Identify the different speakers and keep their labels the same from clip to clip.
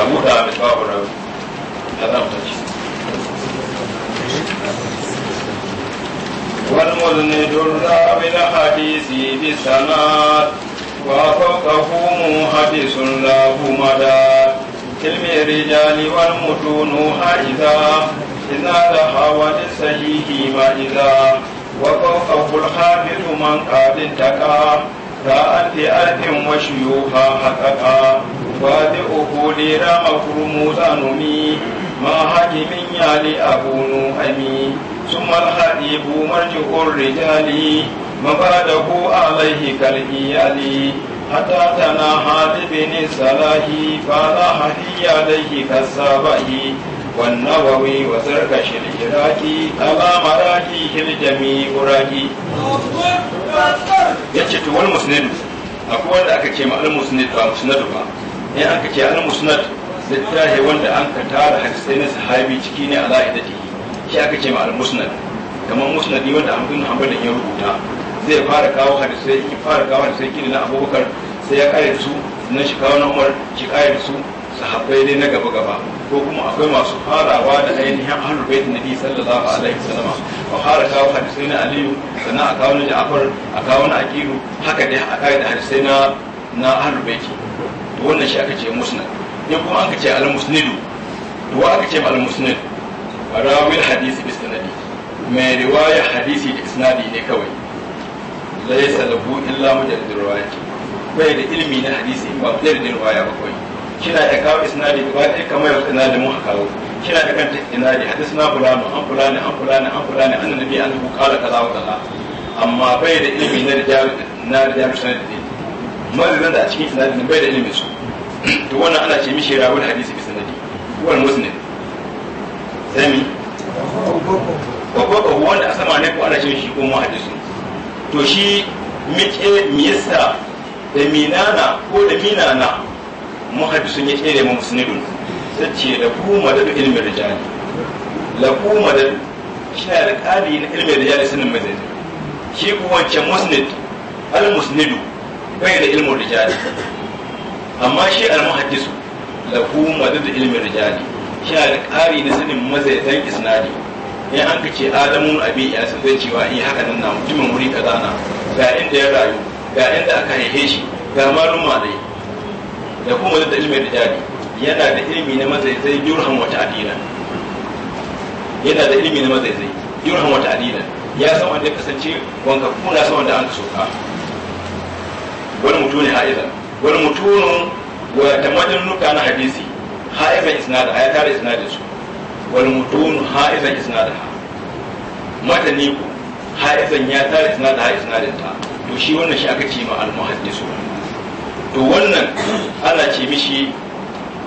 Speaker 1: a buɗa da babu rauni da tsaftace والمذنب الرابع الحديث بالسند وفقه محدث له مدار علم الرجال والمتون حائزا إذا تحاول السيئ ما إذا وفقه الحافظ من قاد تقى رأتئات وشيوخا حققا وادئه لرام كرموز أنمي ما حكم يالي أكون أمي ثم الحديب مرجع الرجال مباده عليه كالإيال حتى تناهى بن صلاحي فلا هي عليه كالصباح والنووي وزركش العراقي أبا مراكي الجميع راكي yace to wal musnad akwai wanda aka ce ma al musnad ba musnad ba in aka ce al littafi wanda an ka tara hadisai na sahabi ciki ne ala idati shi aka ce ma al musnad kamar musnadi wanda an bin hanbal ya rubuta zai fara kawo hadisai ki fara kawo hadisai kin na abubakar sai ya kare na shi na umar shi kare su sahabbai na gaba gaba ko kuma akwai masu farawa da ainihin ahlul bait nabi sallallahu alaihi wasallam a fara kawo hadisai na aliyu sannan a kawo na ja'far a kawo na akiru haka dai a kawo da hadisai na na ahlul bait wannan shi aka ce musnad in kuma aka ce al-musnidu to aka ce al-musnid rawil hadisi bi sanadi mai riwaya hadisi da isnadi ne kawai laysa lahu illa mujaddid riwayati bai da ilmi na hadisi ba da riwaya ba kina da kawo isnadi ba dai kamar yau isnadi mun kawo kina da kanta isnadi hadisna fulano an fulani an fulani an fulani an nabi an ku kala kaza wa kaza amma bai da ilimi na da na da sanadi malamin da a cikin isnadi bai da ilimi su to wannan ana ce mishi rawul hadisi bi sanadi wal musnad sami ko wanda a sama ne ko ana ce shi ko mu hadisu to shi mice miyasa da minana ko da minana muhaddisun ya tsere mu musnidun ce da ku madadu da rijali la ku madadu shi alƙali na ilmin rijali sunan madadi shi ku wancan musnid al musnidu bai da da rijali amma shi al muhaddisu la ku madadu da rijali shi alƙali na sanin mazaitan isnadi in an kace ce abi ya san zai cewa in haka nan na mutumin wuri kaza na ga inda ya rayu ga inda aka haife shi ga maluma dai da kuma da ilmi da jadi yana da ilimi na mazaizai yurhan wata adina yana da ilmi na mazaizai yurhan wata adina ya san wanda kasance wanka kuna san wanda an ka soka wani mutum ne ha'iza wani mutum wa tamadin nuka na hadisi ha'izan isnada ya tare isnadin su wal mutun ha'izan isnada mata ne ku ha'izan ya tare isnada ha isnadin ta to shi wannan shi aka ce ma al muhaddisu to wannan ana ce mishi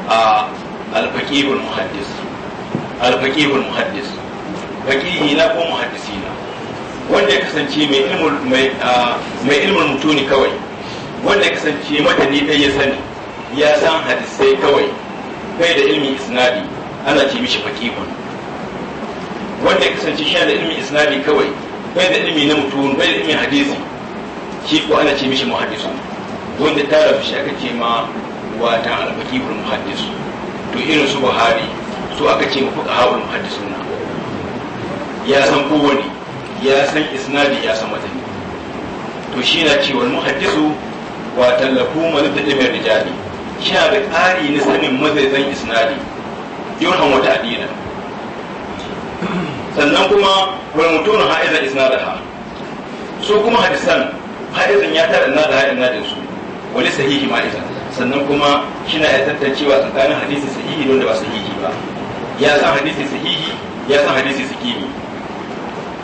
Speaker 1: a alfaƙihun muhaddis alfaƙihun muhaddis faƙihi na ko muhaddisi na wanda ya kasance mai ilmin mai mai mutuni kawai wanda ya kasance madani ɗai ya sani ya san hadisai kawai bai da ilmi isnadi ana ce mishi faƙihun. wanda ya kasance shi da ilmi isnadi kawai bai da ilmi na mutun bai da ilmi hadisi shi ko ana ce mishi muhaddisu. wanda ta rabu shi aka ce ma watan alfakibul muhaddis to irin su buhari su aka ce ma fuka hawul muhaddisuna ya san kowane ya san isnadi ya san matani to shi na ce wani muhaddisu watan lafu malibda mai rijali shi na da ƙari na sanin mazaizan isnadi yurhan wata adina sannan kuma wani wal mutuna ha'izan ha su kuma hadisan ha'izan ya tara da isnadin su wani sahihi ma ita sannan kuma shina ya tattacewa tsakanin hadisi sahihi da wanda ba sahihi ba ya san hadisi sahihi ya san hadisi sikimi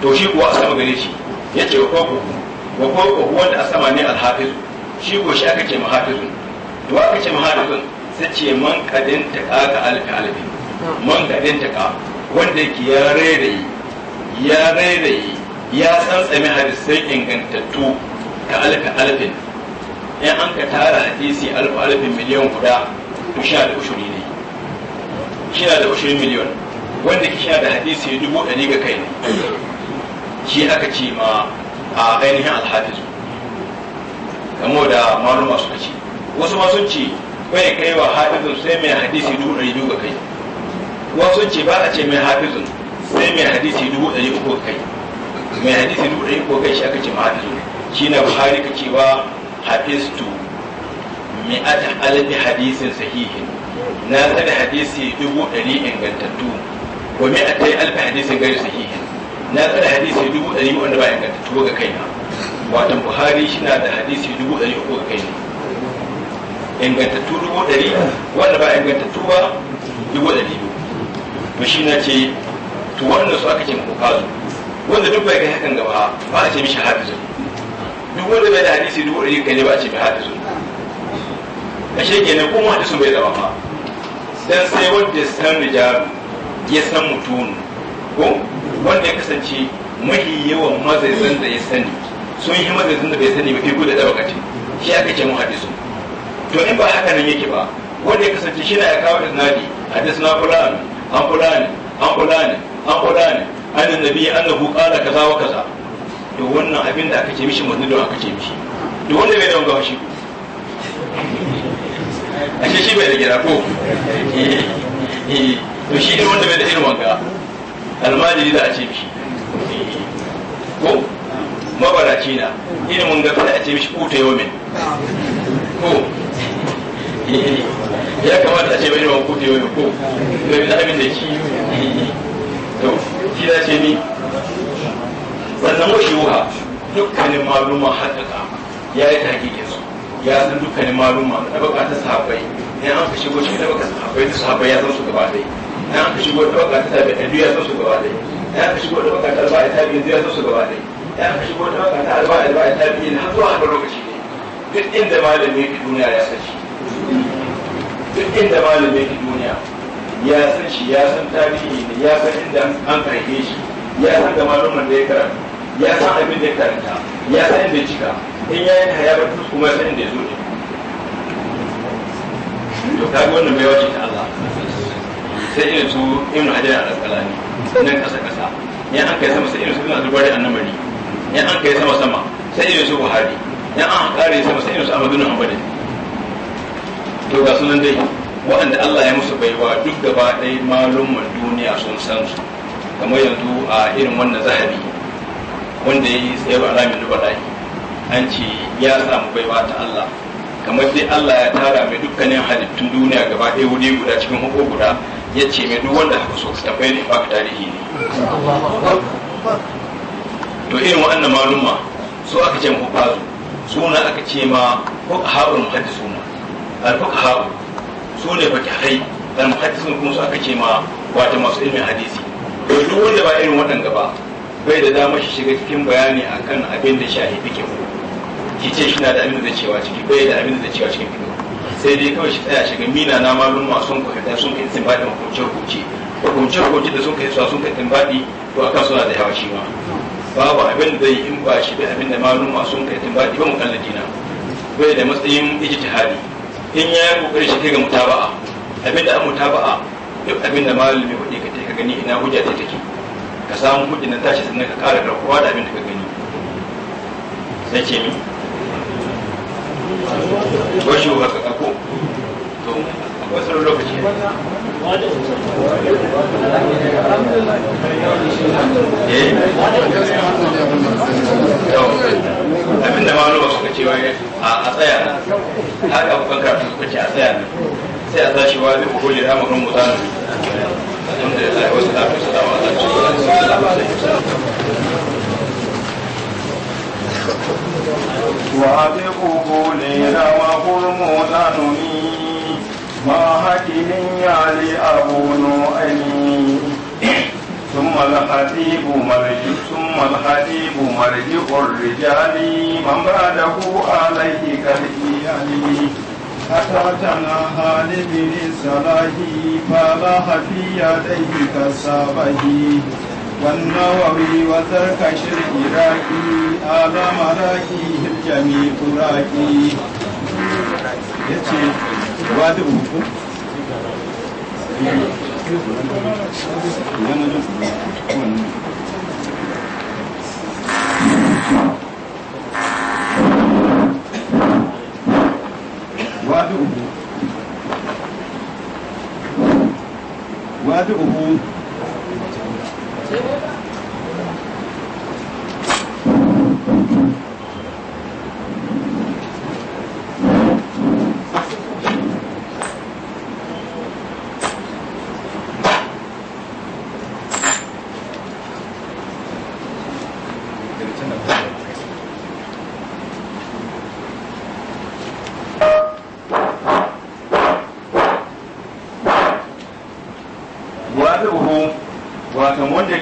Speaker 1: to shi kuwa a sama gare shi ya ce wa koko wa koko wanda a sama ne alhafizu shi ko shi aka ce mahafizun to aka ce mahafizu sai ce man kadin ta ka alfi alfi man kadin ta ka wanda ke ya rairayi ya rairayi ya san tsami hadisai ingantattu ka alfi alfin in an ka tara hadisi alfu alfin miliyan guda to sha da ushuri ne sha da ushuri miliyon wanda ki sha da hadisi dubu ɗari ga kai ne shi aka ce ma a ainihin alhafizu kamo da maluma suka ce wasu ma sun ce bai kai wa hafizun sai mai hadisi dubu ɗari ga kai wasu sun ce ba a ce mai hafizun sai mai hadisi dubu ɗari ga kai mai hadisi dubu ɗari ga kai shi aka ce ma hafizun shi na buhari ka wa hafistu mi'ata alfi hadisin sahihin na tsada hadisi dubu ɗari ingantattu wa mi'atai alfi hadisin gari sahihin na tsada hadisi dubu ɗari wanda ba ingantattu ga kaina watan buhari shi na da hadisi dubu ɗari uku ga kaina ingantattu dubu dari wanda ba ingantattu ba dubu ɗari biyu to shi na ce to wanda su aka ce ko kazu wanda duk bai kai hakan gaba ba a ce mishi hafizun duk da bai da hadisi duk wanda kai ne ba ce bai hadisu a shi ke nan kuma hadisu bai zama ma dan sai wanda ya san rijalu ya san mutunu ko wanda ya kasance mahi yawan mazaizan da ya sani sun yi mazaizan da bai sani ba iko da dabakati shi aka ce mu hadisu to in ba haka nan yake ba wanda ya kasance shi na ya kawo isnadi hadisna fulani an fulani an fulani an fulani an annabi annahu qala kaza wa kaza da wannan abin da aka ce mishi mazlum aka ce mishi da wanda bai da wanga shi ashe shi bai da gira ko eh, eh, to shi ne wanda bai da irin wanga almajiri da a ce mishi ko mabaraci na ilimin ga kada a ce mishi kuta yau min ko eh, ya kamata a ce mai yawan kuta yau ko da abin da shi to shi da ce ni sannan wa shiwa dukkanin maluma haƙaƙa ya yi taƙiƙin su ya san dukkanin maluma da baka ta sahabbai ne an ka shigo cikin da baka sahabbai da sahabbai ya san su gaba ɗaya ne an ka shigo da baka ta tabi ɗan ya san su gaba ɗaya ne an ka shigo da baka ta alba ya tabi ya san su gaba ɗaya ne an ka shigo da baka ta alba ya tabi ya har zuwa har lokaci ne duk inda malami ke duniya ya san shi duk inda malami ke duniya ya san shi ya san tarihi ne ya san inda an karfe shi ya san da malumin da ya karanta ya san abin da ya karanta ya san inda cika in ya yanka ya bar kuma ya san inda ya zo ne to kaga wannan bai wajen ta Allah sai irin su ibnu hajar al-asqalani nan kasa kasa ya an kai sama sai irin su ibnu azubari annamari ya an kai sama sama sai irin su buhari ya an kare sama sai irin su amadun ambali to ga sunan dai waɗanda Allah ya musu baiwa duk gaba ɗaya malumman duniya sun san su kamar yanzu a irin wannan zahabi wanda ya yi sai ba rami duba layi an ce ya samu baiwa ta Allah kamar dai Allah ya tara mai dukkanin halittun duniya gaba ɗaya wuri guda cikin hukun guda ya ce mai duk wanda haka so ta bai ne ba ka tarihi ne to irin wa'annan malumma su aka ce mafazu suna aka ce ma fuqaha'ul muhaddisuna al haɓar su ne fakihai al-muhaddisun kuma su aka ce ma wata masu ilmin hadisi to duk wanda ba irin waɗanda ba bai da dama shi shiga cikin bayani akan abin da shahi ke ki ce shi na da abin da cewa ciki bai da abin da cewa cikin fito sai dai kawai shi tsaya shiga mina na malum ma sun kuka da sun kai tsimbadi ma kunce kunce ko kunce kunce da sun kai suwa sun kai tsimbadi to akan suna da yawa shi ma babu abin da in ba shi da abin da malum ma sun kai tsimbadi ba mu jina bai da matsayin ijtihadi in ya yi kokari shi kai ga mutaba'a abin da an mutaba'a duk abin da malumi kuɗi ka gani ina hujja ta take ka samu kudi na tashi sannan ka kara karkuwa da abin da ka gani sai ce mi wasu haka kako to a wasu lokaci eh? abin da malu ba suka cewa a tsaya na haka abokan karfi suka ce a tsaya na sai a tashi wa zai kukulli da mutane الله والسلام والسلام على رسول الله صلى الله عليه وسلم وعلمه لنا وقوم ما حكم يالي أبو نعيم ثم الحبيب مرجع ثم الحبيب مرجع الرجال من بعده عليه كالإيالي أتتناها لمن الصلاح فلاح في يديه كالصبح والنووي وتركش العراقي على مراكيه الجميع راكي Thank you. wadu'uhu wadu'uhu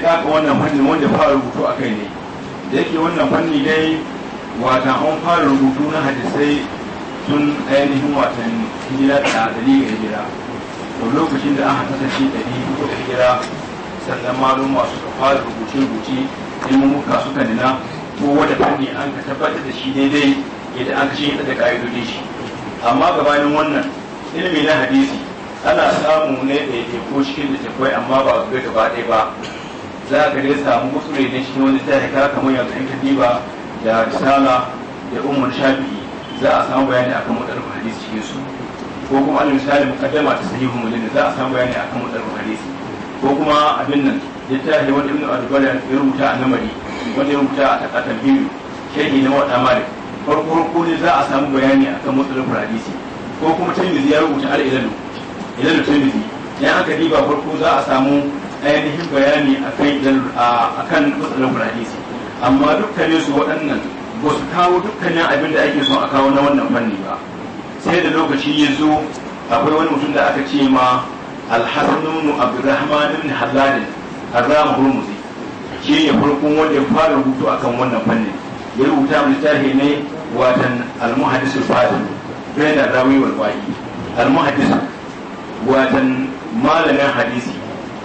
Speaker 1: taka wannan fannin wanda fara rubutu a kai ne da yake wannan fanni dai wata an fara rubutu na hadisai sun ainihin watan hijira da dari ga hijira to lokacin da aka shi dari ko da hijira sannan malum masu fara rubuce rubuce muka suka nuna ko wanda fanni an ka tabbatar da shi daidai yadda an kashe da ka'idodin shi amma gabanin wannan ilimi na hadisi ana samu ne da ya ko cikin littattafai amma ba ga gaba ɗaya ba za ka dai samu wasu ne da cikin wani tsaya kara kamar yanzu in ka diba da risala da umar shafi za a samu bayani akan mutalabul hadisi cikin su ko kuma alal misali muqaddama ta sahihu muslim za a samu bayani akan mutalabul hadisi ko kuma abin nan littafi wanda ibnu al-bari ya rubuta a namari wanda ya rubuta a takatan biyu shehi na wada malik farko farko ne za a samu bayani akan mutalabul hadisi ko kuma tirmidhi ya rubuta al-ilalu ilalu tirmidhi ya aka diba farko za a samu ainihin bayani a kan matsalar hadisi amma dukkanin su waɗannan ba su kawo dukkanin abin da ake son a kawo na wannan fanni ba sai da lokaci ya zo akwai wani mutum da aka ce ma alhassanunu abdurrahman ibn halladin harram hurmuzi shi ne farkon wanda ya fara rubutu akan wannan fannin ya rubuta mu littafi ne watan almuhaddisul fadil bayan rawi wal wahi almuhaddis watan malamin hadisi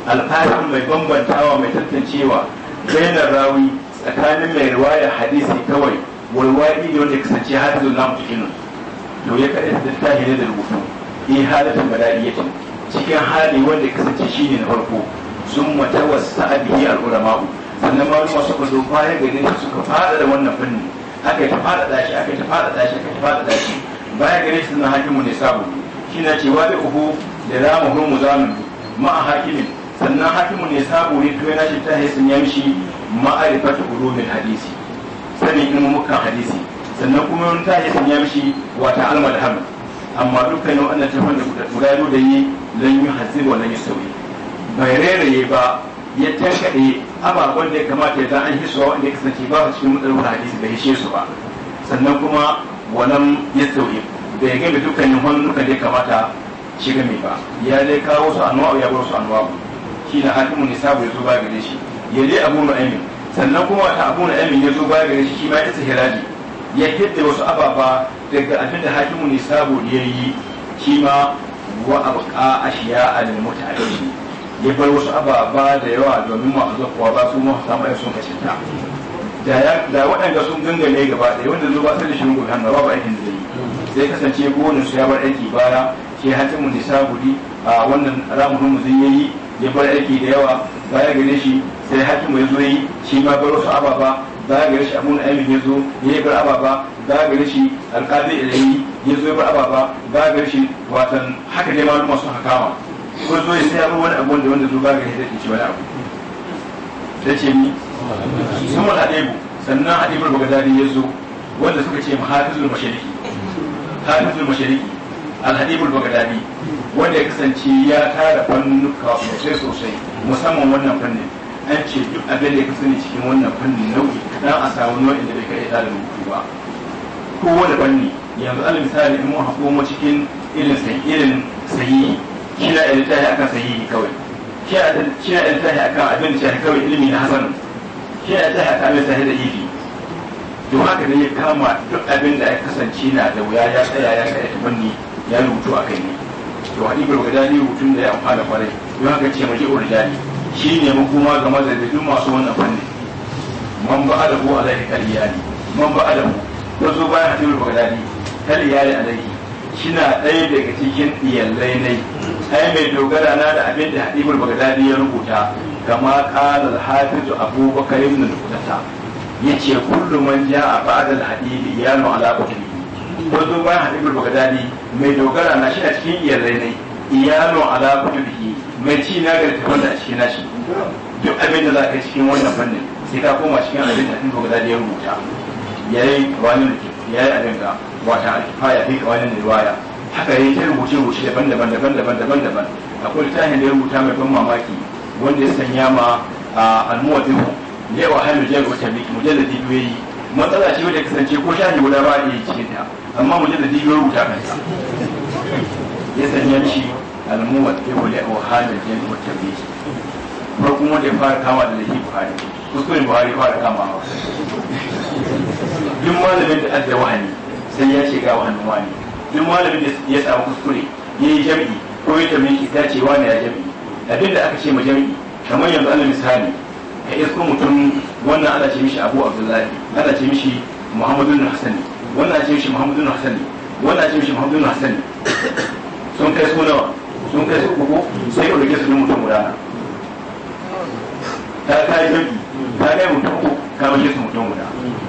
Speaker 1: alfahin mai bambantawa mai tantancewa bainar rawi tsakanin mai riwaya hadisi kawai walwadi ne wanda kasance hadisi na mutukinun to ya kaɗa da tahi ne da rubutu in e, halatin bada'iyyatin cikin hali wanda kasance shi ne na farko sun mata wasu al'ura al'ulama'u sannan ma wani masu kwazo bayan su suka fada da wannan fannin aka ta fada dashi aka ta fada dashi aka ta fada dashi bayan su suna hakimu ne sabu shi na cewa da uku da ramuhun muzamin ma a hakimin sannan hakimun ne sabu ne to yana shi ya hisin ya mishi ma'arifatu min hadisi sanin muka hadisi sannan kuma wani ta ya ya mishi wata almadham amma dukkanin wannan tafan da guda da yi lan yi hazir wa lan yi sauyi bai rairaye ba ya tankaɗe ababen da ya kamata ya za an hisuwa wanda ya kasance ba a cikin matsalar hadisi bai hishe su ba sannan kuma wannan ya sauye bai game dukkanin hannuka da ya kamata shi game ba ya dai kawo su anwa'u ya bar su nuwa. shine na hatimun nisabu ya zo ba gare shi ya je abu nu'aymin sannan kuma wata abu amin ya zo ba gare shi shi ma ya ne ya hidda wasu ababa daga abin da hakimun nisabu ya yi shi ma wa abqa ashiya al muta'addin ya bar wasu ababa da yawa domin ma kuwa ba su ma samu ai sun ta da da waɗanda sun gangane gaba da wanda zo ba sai da shirin gobe hannu ba aikin da yi sai kasance gonin su ya bar aiki baya shi hatimun nisabu di a wannan ramuhun mu zai yi ya bar aiki da yawa baya gane shi sai hakimu ya zo yi shi ma bar wasu ababa baya gane shi abun aimin ya zo ya bar ababa baya gane shi alƙadi ilayi ya zo ya bar ababa baya gane shi watan haka dai maluma masu hakawa ko zo ya sai abubuwan abu da wanda zo baya gane shi zai ci wani abu da ce ni sun wani adebu sannan adebu da bagadari ya zo wanda suka ce mahafizul mashariki hafizul mashariki al-hadib al-baghdadi wanda ya kasance ya tara fannuka sosai sosai musamman wannan fannin an ce duk abin da ya kasance cikin wannan fannin nau'i dan a samu nau'in da bai kai da rubutu ba kowane fanni yanzu alal misali in mun hako cikin irin sai irin sayi kina da littafi akan sayi kawai kina da littafi akan abin da kawai ilimi na hasan kina da littafi akan abin da da ifi don haka ne ya kama duk abin da ya kasance na da wuya ya tsaya ya kai ta banni ya rubutu a kai to to hadibul ghazali Mutum da ya amfana kwarai don haka ce maji urjani shi ne kuma ga mazalidin masu wannan fanni man ba adabu alaihi kaliyali man ba adabu wasu bayan hadibul ghazali kaliyali shi shina ɗaya daga cikin iyalai ne ai mai dogara na da abin da hadibul bagdadi ya rubuta kama qala al-hafiz abubakar ibn al-qudata yace kullu man ja'a ba'da al-hadib yanu ala qutbi wato bayan ga dadi mai dogara na shi a cikin iyalai ne iyalun ala kutubihi mai ci na ga da a cikin shi duk abin da za ka cikin wannan fannin sai ka koma cikin abin da hadibul bagdadi ya rubuta yayi wani yayi abin da wata ya fi ne riwaya haka yayi ta rubuce rubuce daban daban daban daban daban daban akwai littafin da ya rubuta mai ban mamaki wanda ya sanya ma almuwaddihu ne wa hamidu jami'u biki mujalladi biyu matsala ce wadda kasance ko shahi guda ba a iya cikin ta amma mujalladi ya rubuta sa ya sanya shi almuwat ya wuli a da jami'a wata biyu farkon wanda ya fara kama da lahi buhari kuskuren buhari fara kama wasu. duk malamin da adda wani sai ya shiga ga wani duk malamin da ya samu kuskure ya yi jami'i ko ya tambaye shi ta ce wani ya jami'i abin da aka ce ma jami'i kamar yanzu ana misali ka isko mutum wannan ana ce mishi abu abdullahi ana ce mishi muhammadu hasani. wannan ce shi muhammadu na hasani wannan ce shi muhammadu na sun kai su nawa sun kai su uku sai ku rike su ne mutum guda ta kai jirgi ta kai mutum uku ka mace su mutum guda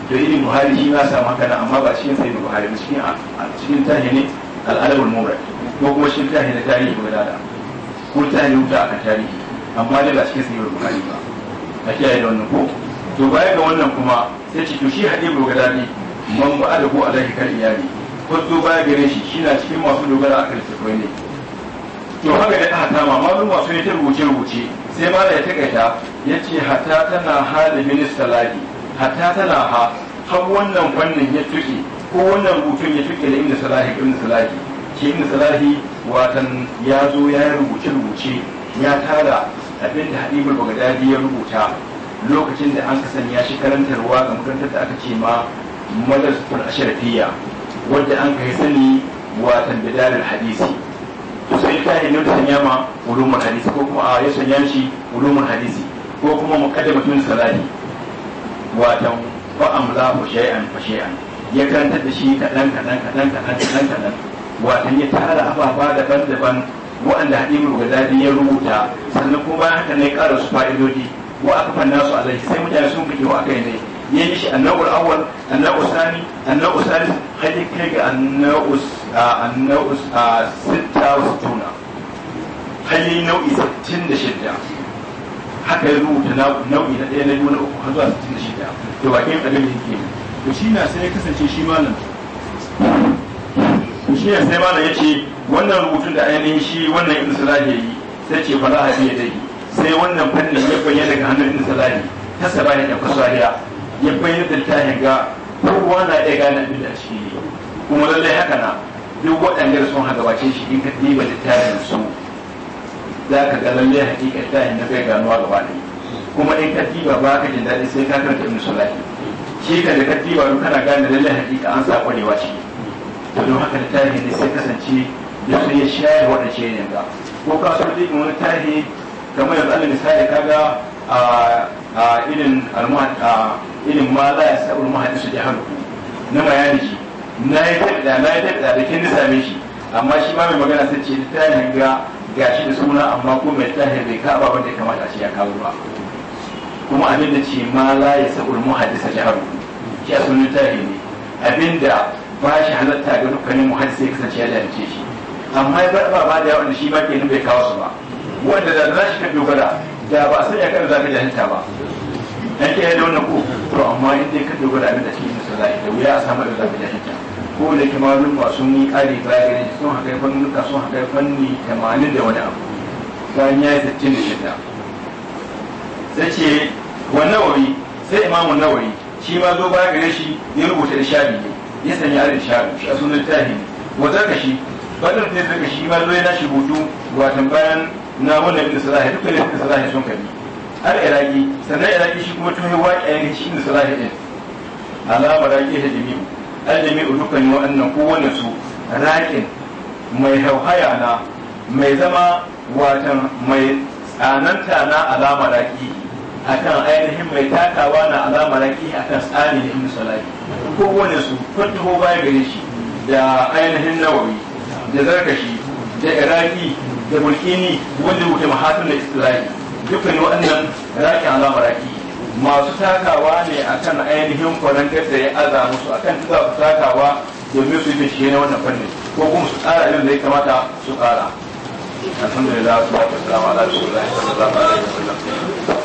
Speaker 1: to yi buhari shi na samu haka amma ba cikin sai buhari ba cikin cikin ne al'adar mura ko kuma cikin ne tarihi ba da ko tahini wuta akan tarihi amma da ba cikin sai buhari ba a kiyaye da wannan ko to baya ga wannan kuma sai ce to shi hadibu bugadadi man ba da a alaihi kan iyali ba baya gare shi shi na cikin masu dogara a kan sifai ne to haka dai aka tama mun masu ne ta rubuce rubuce sai ma da ya takaita ya ce hatta tana ha da minista ladi hatta tana ha har wannan fannin ya tuke ko wannan rubutun ya tuke da inda salahi inda salahi ke inda salahi watan ya zo ya rubuce rubuce ya tara abin da hadibul bagadadi ya rubuta lokacin da an ya shi karantarwa ga mutuntar da aka ce ma madrasatul asharfiyya wadda an kai sani watan da dalil hadisi to sai ta ne ta sanya ma ulumul hadisi ko kuma a ya sanya shi ulumul hadisi ko kuma muqaddamatun salati watan fa amlahu shay'an fa shay'an ya karantar da shi kaɗan kaɗan kaɗan kaɗan kaɗan kaɗan watan ya tara ababa daban-daban waɗanda hadimul gazali ya rubuta sannan kuma haka ne ƙara su fa'idodi wa aka fanna su alaihi sai mutane sun fike wa aka yi ne ya yi shi annawar awal annawar sani annawar salis har ya kai ga annawar sitta wasu tuna har ya yi nau'i da haka ya rubuta nau'i na ɗaya na biyu na uku har zuwa sittin da shidda da bakin ƙarfi yake to shi na sai ya kasance shi malam to shi sai malam ya ce wannan rubutun da ainihin shi wannan ibn salah ya yi sai ce fara hadiya dai sai wannan fannin ya bayyana daga hannun ibn salah ta saba da ya bayyana da littafin ga kowa na ɗaya gane abin da a ne kuma lallai haka na duk waɗanda sun haɗa wace shi in ka ɗiba littafin su za ka ga lallai hakika littafin na bai ganuwa gaba ne kuma in ka ɗiba ba ka jin daɗi sai ka karanta su lafi shi ka da ka ɗiba duk kana gane lallai hakika an sa ƙwarewa ciki to don haka littafin ne sai kasance da su ya shayar waɗance ne ga ko ka so ɗiba wani tarihi kamar yanzu alal misali kaga a ah, a irin irin ma la ya sa'ul muhaddisu jahalu na bayani shi na yi tabda na yi tabda da kin same shi amma shi ma mai magana sai ce littafin ga gashi da suna amma ko mai littafin ka kaba wanda ya kamata shi ya kawo ba kuma abin da ce ma la ya sa'ul muhaddisu jahalu shi a sunan ta littafi ne abin da ba shi halatta ga dukkanin muhaddisi ya kasance ya jahilce shi amma ya ba ba da yawan shi ba ke nan bai kawo su ba wanda da na shi kan dogara da ba a sanya kan zafi hanta ba dan ke da wannan ko to amma in dai ka dogara abin da cikin sa zai da wuya a samu da zafi hanta ko da kuma mun ba sun yi kare ne sun haka fanni ka sun haka fanni 80 da wani abu bayan ya yi 66 sai ce wannan wuri sai imamu nawawi shi ma zo baya gare shi ya rubuta da shabi ne ya sanya da shabi shi a sunan tahi wa zaka shi bayan da zaka shi ma zo ya nashi hutu watan bayan na wannan ibn salahi dukkan ibn salahi sun kabi har iraki sannan iraki shi kuma tuhi yanki shi ibn salahi ɗin. alama raƙi da jami'u aljami'u dukkan wa'annan kowane su raƙin mai hauhaya na mai zama watan mai tsananta na alama raƙi kan ainihin mai takawa na alama raƙi akan tsarin ibn salahi kowane su fattaho baya gare shi da ainihin nawawi da zarkashi da iraki da mulkini wanda muke mahatun da istilahi dukkan waɗannan raƙi zama maraki masu takawa ne akan ainihin kwarantar da ya aza musu akan tuka su takawa domin su yi shi na wannan fanni ko kuma su tsara abin da ya kamata su tsara alhamdulillah su ba ku salama ala wa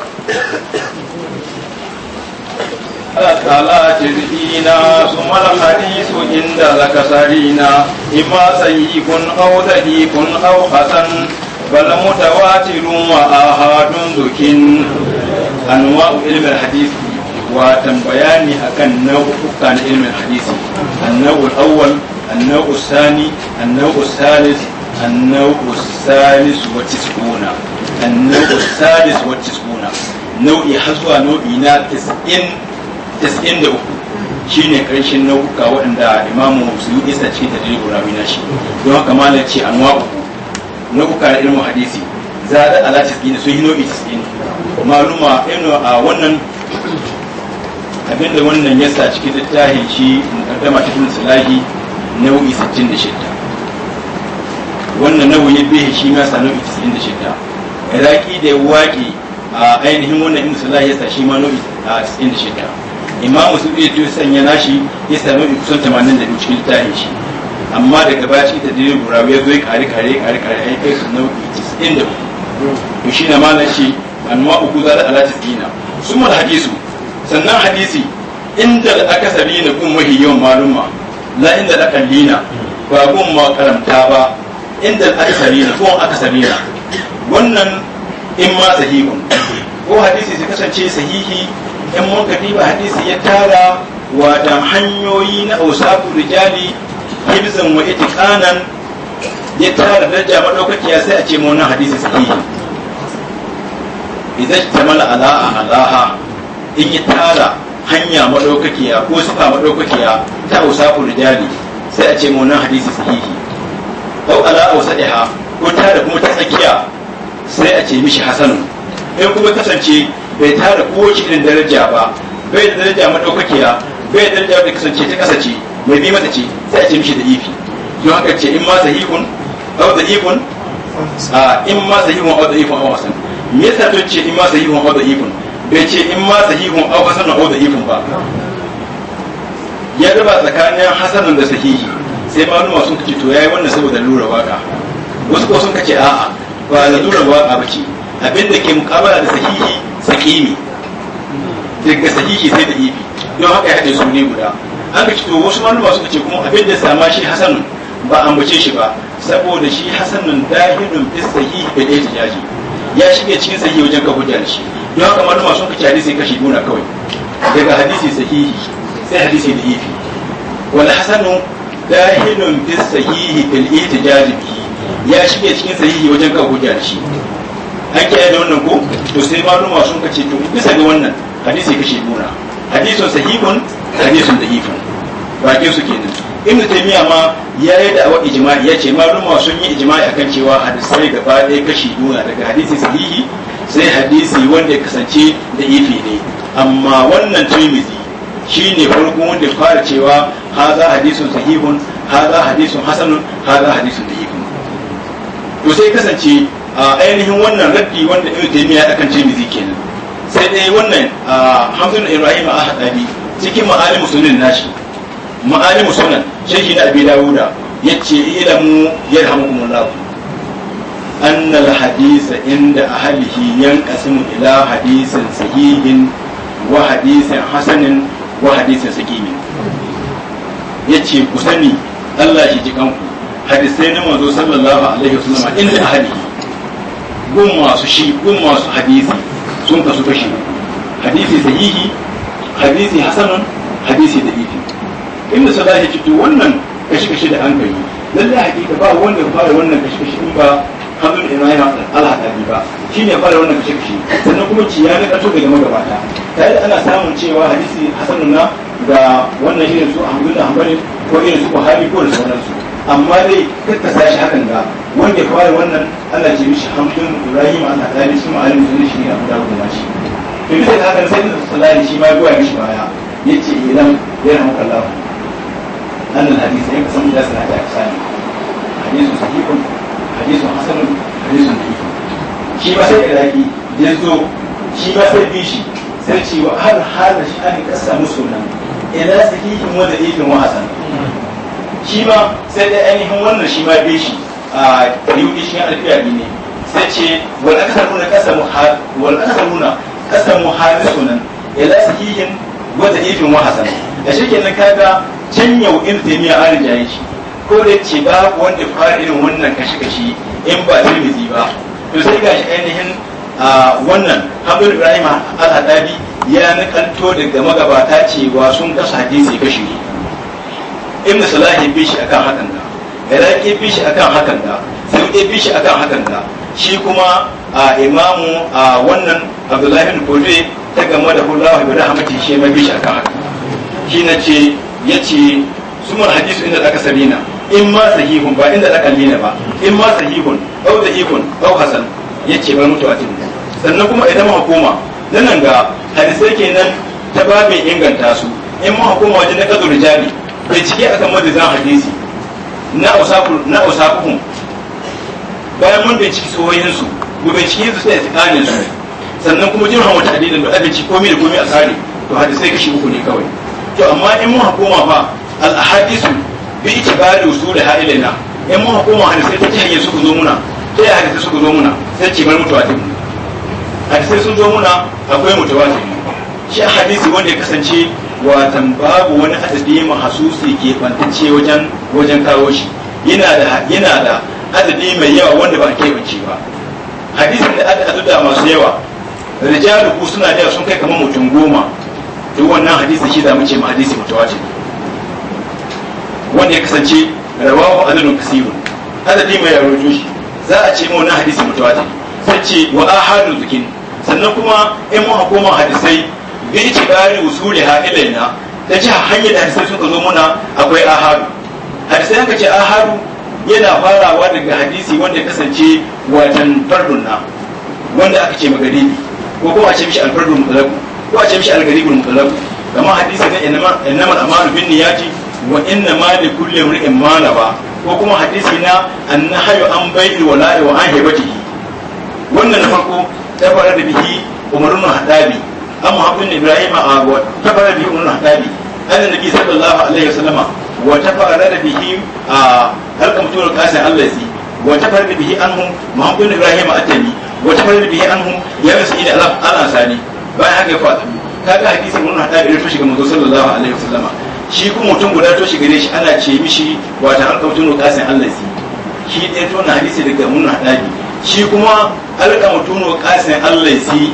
Speaker 1: su بهينا ثم الحديث عند ذكرنا إما سيئ أو ذهيك أو حسن بل متواتر وآهاد ذكين أنواع علم الحديث watan bayani akan nau'uka na ilmin hadisi annau awwal annau sani annau salis annau salis wa tisuna annau salis wa tisuna nau'i har nau'i na 90 shi ne karshen nau'uka waɗanda imamu suyuɗi isa ce ta jirgin rawi na shi don haka malar ce an wa uku nau'uka na ilmu hadisi za a ala tisɗin sun yi nau'i tisɗin maluma ino eh, a wannan abinda wannan ya sa cikin littafin shi mukaddama ta ibn salahi nau'i shidda wannan nau'i ya bihe shi ma sa nau'i shidda iraki da waƙi a ainihin wannan ibn salahi ya sa shi ma nau'i shidda imam su iya tuyo sanya nashi ya sami da kusan tamanin da cikin littafin shi amma daga baya shi ta dire gurawa ya zo ya kare kare kare kare yi kai sun nau'i tis'in da to shi na mana shi anwa uku za da ala dina sun mal hadisu sannan hadisi inda akasari na kun mahi yawan malumma la inda dina ba gun ma karanta ba inda akasari na kun aka na wannan in ma sahihun ko hadisi su kasance sahihi in mun diba hadisi ya tara da hanyoyi na usafu rijali hibzan wa itiqanan ya tara daraja madaukakiya sai a ce mu wannan hadisi sahihi idan tamala ala alaha in ya tara hanya madaukakiya ko sifa madaukakiya ta usafu rijali sai a ce mu wannan hadisi sahihi ko ala usadiha ko tara kuma ta tsakiya sai a ce mishi hasanu in kuma kasance bai tara ci irin daraja ba bai da daraja madaukakiya bai da daraja da kasance ta kasace mai bi mata ce sai a ce mishi da ifi don haka ce in ma sahihun aw da ifun a in ma sahihun aw da ifun aw hasan me yasa to ce in ma sahihun aw da ifun bai ce in ma sahihun aw hasan aw da ifun ba ya raba tsakanin hasanan da sahihi sai maluma sun kace to yayi wannan saboda lura waka wasu ko sun kace a'a ba lura waka bace abinda ke mukabala da sahihi sakimi daga sakiki sai da ibi don haka ya haɗe su ne guda an ka to wasu manuma suka ce kuma abin da sama shi hasanun ba ambace shi ba saboda shi hasanun dahilun fi sahihi da ɗaya tijaji ya shige cikin sahihi wajen ka hujja shi don haka manuma ka ce hadisi kashi biyu kawai daga hadisi sahihi sai hadisi da ibi wal hasanu dahilun fi sahihi bil itijaji ya shige cikin sahihi wajen ka hujja shi an kiyaye da wannan ko to sai maluma sun kace to bisa ga wannan hadisi kashi nuna hadisun sahihun hadisun ba ke su kenan ibnu taymiya ma ya yi da wa ijma'i ya ce maluma sun yi ijma'i akan cewa hadisai gaba ɗaya kashi nuna daga hadisi sahihi sai hadisi wanda ya kasance da ifi ne amma wannan tirmidhi shine farko wanda fara cewa haza hadisun sahihun haza hadisun hasanun haza hadisun dhaifun to sai kasance a ainihin wannan raddi wanda ibn taymiya ya akan mizi kenan sai dai wannan hamdun ibrahim a hadari cikin ma'alim sunan nashi ma'alim sunan shehi na abi dawuda yace ilamu yarhamukumullah أن الحديث عند أهله ينقسم إلى حديث صحيح وحديث حسن وحديث سقيم yace ku sani Allah shi ji kanku manzo sallallahu alaihi gun masu shi gun masu hadisi sun kasu kashi hadisi sahihi hadisi hasanun hadisi da ifi inda sa zai ciki wannan kashi-kashi da an gani lallai hakika ba wanda ya fara wannan kashi-kashi in ba hannun ibrahim alhaɗari ba shi ne fara wannan kashi-kashi sannan kuma ci ya na ƙato daga magabata Ta da ana samun cewa hadisi hasanun na ga wannan irin su a da hambali ko irin su buhari ko da sauransu amma dai tattasa sashi hakan ga wanda ya fara wannan Allah ce mishi hamdun Ibrahim Allah ta su ma'alim sun shi ne abu da kuma shi to bi da hakan sai da sallani shi ma goya mishi baya yace idan ya eh, rahmu Allah annal hadisi ya kasance da sanata a kisani hadisu sahihun hadisi hasanun hadisu sahihu shi ba sai iraki ya zo shi ba sai bishi sai ce wa har har shi an kasa musu nan ina sahihin wanda da ikin hasan shi ba sai da ainihin wannan shi ma bai shi a yudi shi alfiya ne sai ce wani wal aktharuna qasamu wal aktharuna qasamu harisunan yi sahihin wa da'ifin wa hasan da shike nan kaga can yau in miya an jaye shi ko da ce ba wanda fara irin wannan kashi kashi in ba tirmidhi ba to sai gashi ainihin wannan habib ibrahim al-hadabi ya nukanto daga magabata cewa sun kasa hadisi kashi ne ibn salah bi shi akan hakan da iraki bi shi akan hakan da sai bi shi akan hakan da shi kuma a imamu a wannan abdullahi bin kodi ta game da hulawa bi rahmati shi ma bi shi akan hakan shi na ce yace sumar hadisu inda aka sabina in ma sahihun ba inda aka lina ba in ma sahihun au dahihun au hasan yace bar mutawatin sannan kuma idan ma hukuma nan ga hadisai kenan ta babin inganta su in ma hukuma wajen na kadu rijali bincike akan madadin hadisi na usakukun bayan mun binciki su mu bincike su sai tsakanin su sannan kuma jin hawa ta'adilin da abinci komai da komai a tsari to hadisai kashi uku ne kawai to amma in mun hakoma fa al ahadisu bi itibari usuli ha'ilina in mun hakoma hadisai ta hanyar su zo muna ta yaya hadisai su zo muna sai ce mai mutuwa tin hadisai sun zo muna akwai mutuwa tin shi hadisi wanda ya kasance watan babu wani adadi su ke kwantacce wajen wajen kawo shi yana da yana da adadi mai yawa wanda ba keɓance ba hadisin da aka da masu yawa rijalu ku suna da sun kai kamar mutum goma to wannan hadisi shi da muke ma hadisi mutawatir wanda ya kasance rawahu adadun kasirun adadi mai rujo shi za a ce mu wannan hadisi mutawatir sai ce wa ahadu zikin sannan kuma in mun koma hadisai bi itibari usuliha ilaina da ji hanyar da hadisai suka zo muna akwai aharu hadisai ka ce aharu yana farawa daga hadisi wanda kasance watan fardun na wanda aka ce magaribi ko kuma a ce mishi alfardun mutlaq ko a ce mishi algaribun mutlaq kamar hadisi na innama al-amalu bin niyyati wa inna ma li kulli imrin ma ba ko kuma hadisi na hayo an bai'i wala'i wa an haibatihi wannan na farko ta fara da bihi umarun hadabi an muhammad ibrahim a tafara bihi ibn hadabi an nabi sallallahu alaihi wasallama wa da bihi a harkar mutum al-qasim allazi wa tafara bihi ma muhammad ibrahim atami wa tafara bihi hun ya rasul ala al-ansari bayan haka ya fada kaga hadisi wani hadabi da to shiga manzo sallallahu alaihi wasallama shi kuma mutum guda to shiga ne shi ana ce mishi wata harkar mutum al-qasim allazi shi ɗaya to na hadisi daga wani hadabi shi kuma halka mutum al-qasim allazi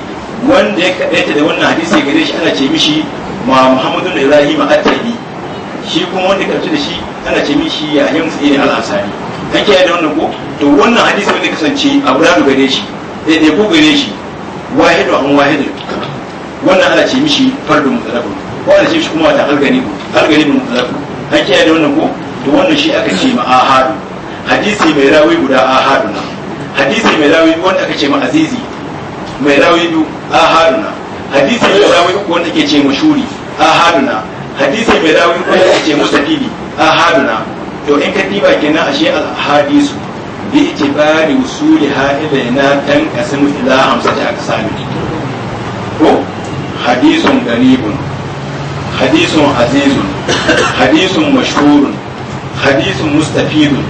Speaker 1: wanda ya kaɗaita da wannan hadisi gare shi ana ce mishi ma muhammadu ibrahim a tabi shi kuma wanda karfi da shi ana ce mishi ya yin tsaye al al'asari An kiyaye da wannan ko to wannan hadisi wanda kasance abradu gare shi da ɗaya ko gare shi wahidu an wahidu wannan ana ce mishi fardu mutalaqu ko ana ce mishi kuma ta alganibu alganibu mutalaqu An kiyaye da wannan ko to wannan shi aka ce ma ahadu hadisi mai rawi guda ahadu na hadisi mai rawi wanda aka ce ma azizi mai rawi biyu ahaduna hadisi mai rawi uku wanda ke ce a ahaduna hadisi mai rawi uku wanda ke ce a ahaduna to in ka diba kenan ashe al hadisu bi itibari usuli ha ilaina tan kasimu ila hamsati aqsami ko hadisun garibun hadisun azizun hadisun mashhurun hadisun mustafidun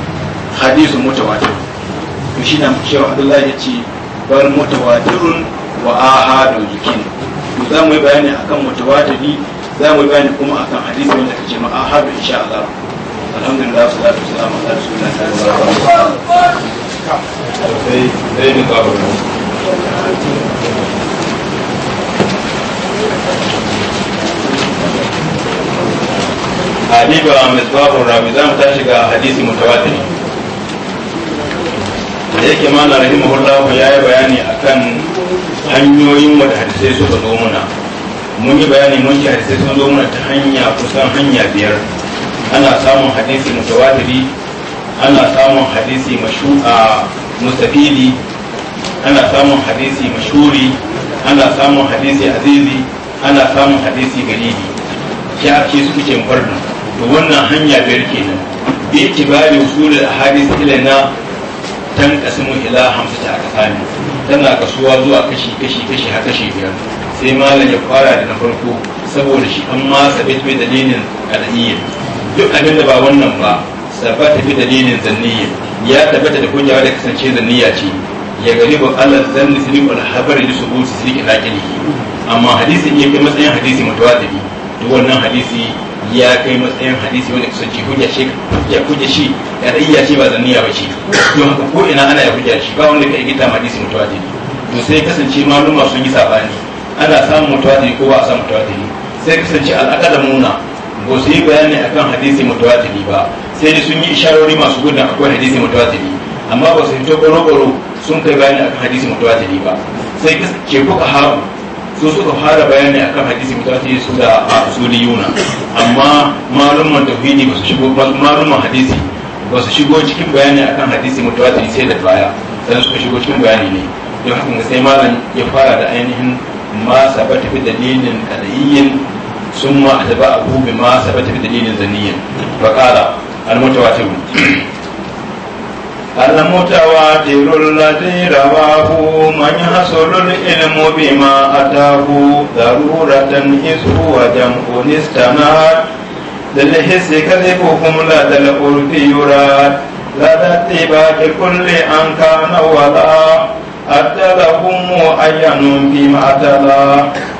Speaker 1: hadisun mutawatir to shi na cewa Abdullahi ya ce wal mutawatirun wa ahadun yakin za mu yi bayani akan mutawatiri za mu yi bayani kuma akan hadisi wanda kace ma ahadu insha Allah alhamdulillah salatu wassalamu ala rasulillah sallallahu alaihi wasallam sai sai ni ka Hadiba Misbahun Rami za mu tashi ga hadisi mutawatiri. da yake mana rahimahullahu ya yi bayani akan hanyoyin wadda hadisai suka zo muna mun yi bayani mun ci hadisai sun zo muna ta hanya kusan hanya biyar ana samun hadisi mutawatiri ana samun hadisi mashu'a mustafili ana samun hadisi mashuri ana samun hadisi azizi ana samun hadisi garibi ya ake su ce fardu to wannan hanya biyar kenan bi tibari usul al ahadith ila na tan kasimu ila hamsa ta aka sami tana kasuwa zuwa kashi kashi kashi har kashi biyar sai malam ya fara da na farko saboda shi an ma sabit dalilin qad'iyyin duk abin da ba wannan ba sabata bai dalilin zanniyar ya tabbata da kunya da kasance zanniya ce ya gari ba Allah zanni sirri wal habari da subuti sirri lakini amma hadisi ne kai matsayin hadisi mutawatir duk wannan hadisi ya kai matsayin hadisi wanda kusanci hujja shi ya hujja shi ya rayya ce ba zanniya ba shi don haka ko ina ana ya hujja shi ba wanda ka igita ma hadisi mutawatir to sai kasance maluma sun yi sabani ana samun mutawatir ko ba a samun mutawatir sai kasance al'akada muna ba su yi bayani akan hadisi mutawatir ba sai da sun yi isharori masu gudun akwai hadisi mutawatir amma ba su fito baro-baro sun kai bayani akan hadisi mutawatir ba sai ke kuka haru su suka fara bayani kan hadisi mutawatir su da usuliyuna amma malumman tauhidi ba su shigo malumman hadisi ba su shigo cikin bayani kan hadisi mutawatir sai da baya dan suka shigo cikin bayani ne don haka sai malam ya fara da ainihin ma sabata bi dalilin qad'iyyin summa bi ma sabata bi dalilin zaniyyin fa qala al mutawatir المتواتر الذي رواه من حصل العلم بما أتاه ضرورة إذ هو جمع استناد للحس كذبهم لدى القلب يراد لدى اتباع كل أن كان ولا أدى لهم معين بما أتلا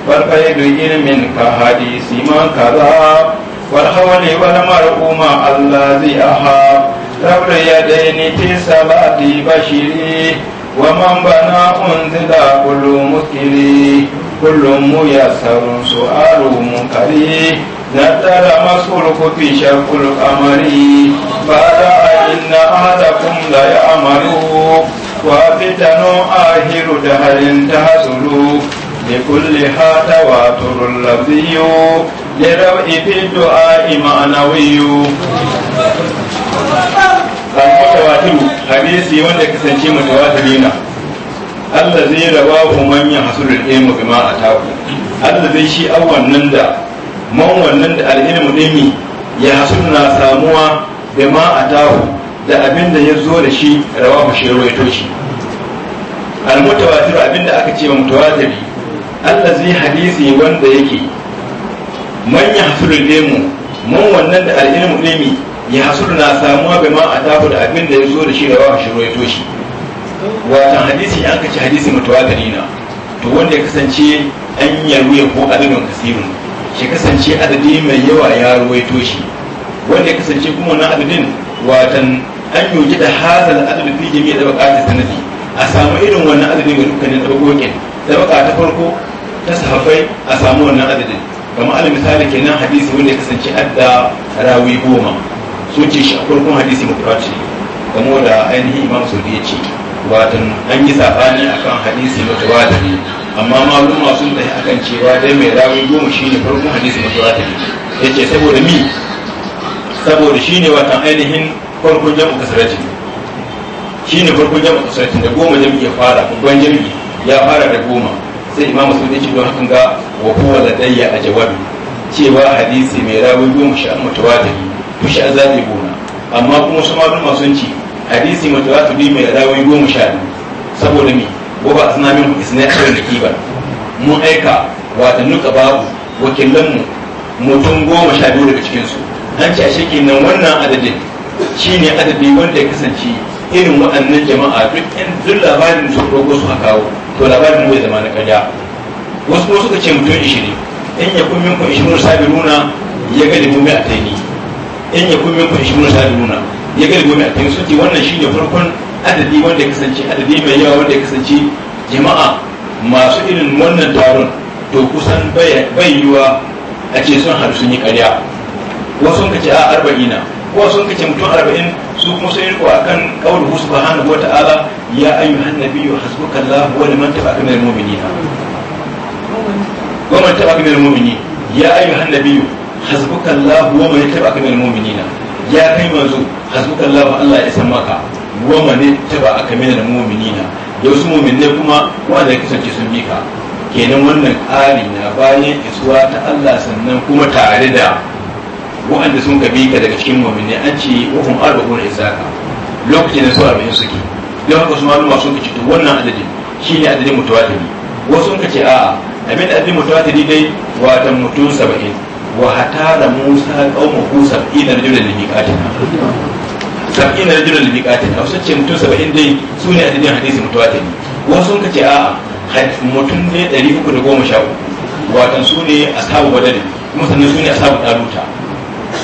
Speaker 1: والخير علم كحديث من كذا والحول والمرء ما الذي أحاب ذبر يدين في سبعة بشري ومن بنى أنزل كل مكري كل ميسر سؤال منكري نزل مسؤولك في شرق القمر قال إن أحدكم ليعمل وفتن آهر دهر تهزل لكل هذا واتر اللفظي لروء في الدعاء معنوي al-mutawatiru hadisi wanda ya kasance mutawatiri na Allah zai raba ku manyan hasulul ilmu bima ataku Allah zai shi awannan da man wannan da al-ilmu dimi ya sunna samuwa bima ataku da abin da ya zo da shi rawa mu shi ruwaito shi al-mutawatir abin da aka ce mutawatiri Allah zai hadisi wanda yake manyan hasulul ilmu man wannan da al-ilmu dimi ya hasuru na samuwa bai ma a tafi da abin da ya zo da shi da wa shiro ya toshi watan hadisi an kaci hadisi mutawatiri na to wanda ya kasance an ya ko adadin kasirin shi kasance adadi mai yawa ya ruwaito shi wanda ya kasance kuma na adadin watan an yoji da hazal adadin fi jami'a da bakata sanadi a samu irin wannan adadin ga dukkanin da baka ta farko ta sahafai a samu wannan adadin kamar alal kenan hadisi wanda ya kasance adda rawi goma sun shi a farkon hadisi mutawatir kamo da ainihin imam saudi ya ce watan an yi sabani akan hadisi ne amma maluma sun tafi akan cewa dai mai rawi goma shine farkon hadisi ne ya ce saboda mi saboda shine watan ainihin farkon jam'u kasarati shine farkon jam'u kasarati da goma jam'i ya fara babban jam'i ya fara da goma sai imam saudi ya ce don hakan ga wa kowa ladayya a jawabi cewa hadisi mai rawi goma shi da mutawatir kushi a zaɓi gona amma kuma su maluma sun ci hadisi mutuwatu ne mai rawai goma sha biyu saboda me ko ba suna min isna akwai da ba mun aika wata nuka babu mu mutum goma sha biyu daga cikinsu an ci a shi nan wannan adadin shine adadi wanda ya kasance irin waɗannan jama'a duk ɗan duk labarin su rogo su kawo to labarin bai zama na ƙarya wasu ko suka ce mutum ishirin in ya kun min minkum ishirin sabiruna ya ga da mu mai taini. in ya kuma kun shi muna nuna ya ga gobe a cikin suke wannan shi ne farkon adadi wanda ya kasance adadi mai yawa wanda ya kasance jama'a masu irin wannan taron to kusan bai yiwa a ce sun haɗu sun yi ƙarya wasu sun kace a na wasu sun kace mutum arba'in su kuma sun riko a kan ƙaunar husu ba hannu wa ta'ala ya ayyu hannabi wa hasbuka Allah wa liman taba'a min al-mu'minina wa man taba'a min ya ayyu hannabi hasbukallahu wa man yattaba'aka minal mu'minina ya kai manzo hasbukallahu Allah ya san maka wa man yattaba'aka minal mu'minina da wasu mu'minai kuma wanda kasance sun bi ka kenan wannan ƙari na bayan isuwa ta Allah sannan kuma tare da wa'anda sun ka bi ka daga cikin mu'minai an ce wa hum arba'un isaka lokacin da su arba'in suke don haka su malama sun kace to wannan adadin shine adadin mutawatiri wasu sun kace a'a abin da adadin mutawatiri dai watan mutum saba'in Wahataara mu sa awma ku sabtina na juralin likitatin na sabtina na juralin likitatin na o sace mutun saba inda su ne a tijjaniya a tijjaniya se wa son ka ce a'a kadi ma ne boma shahu su ne a sabu ba kuma sannan su ne a sabu da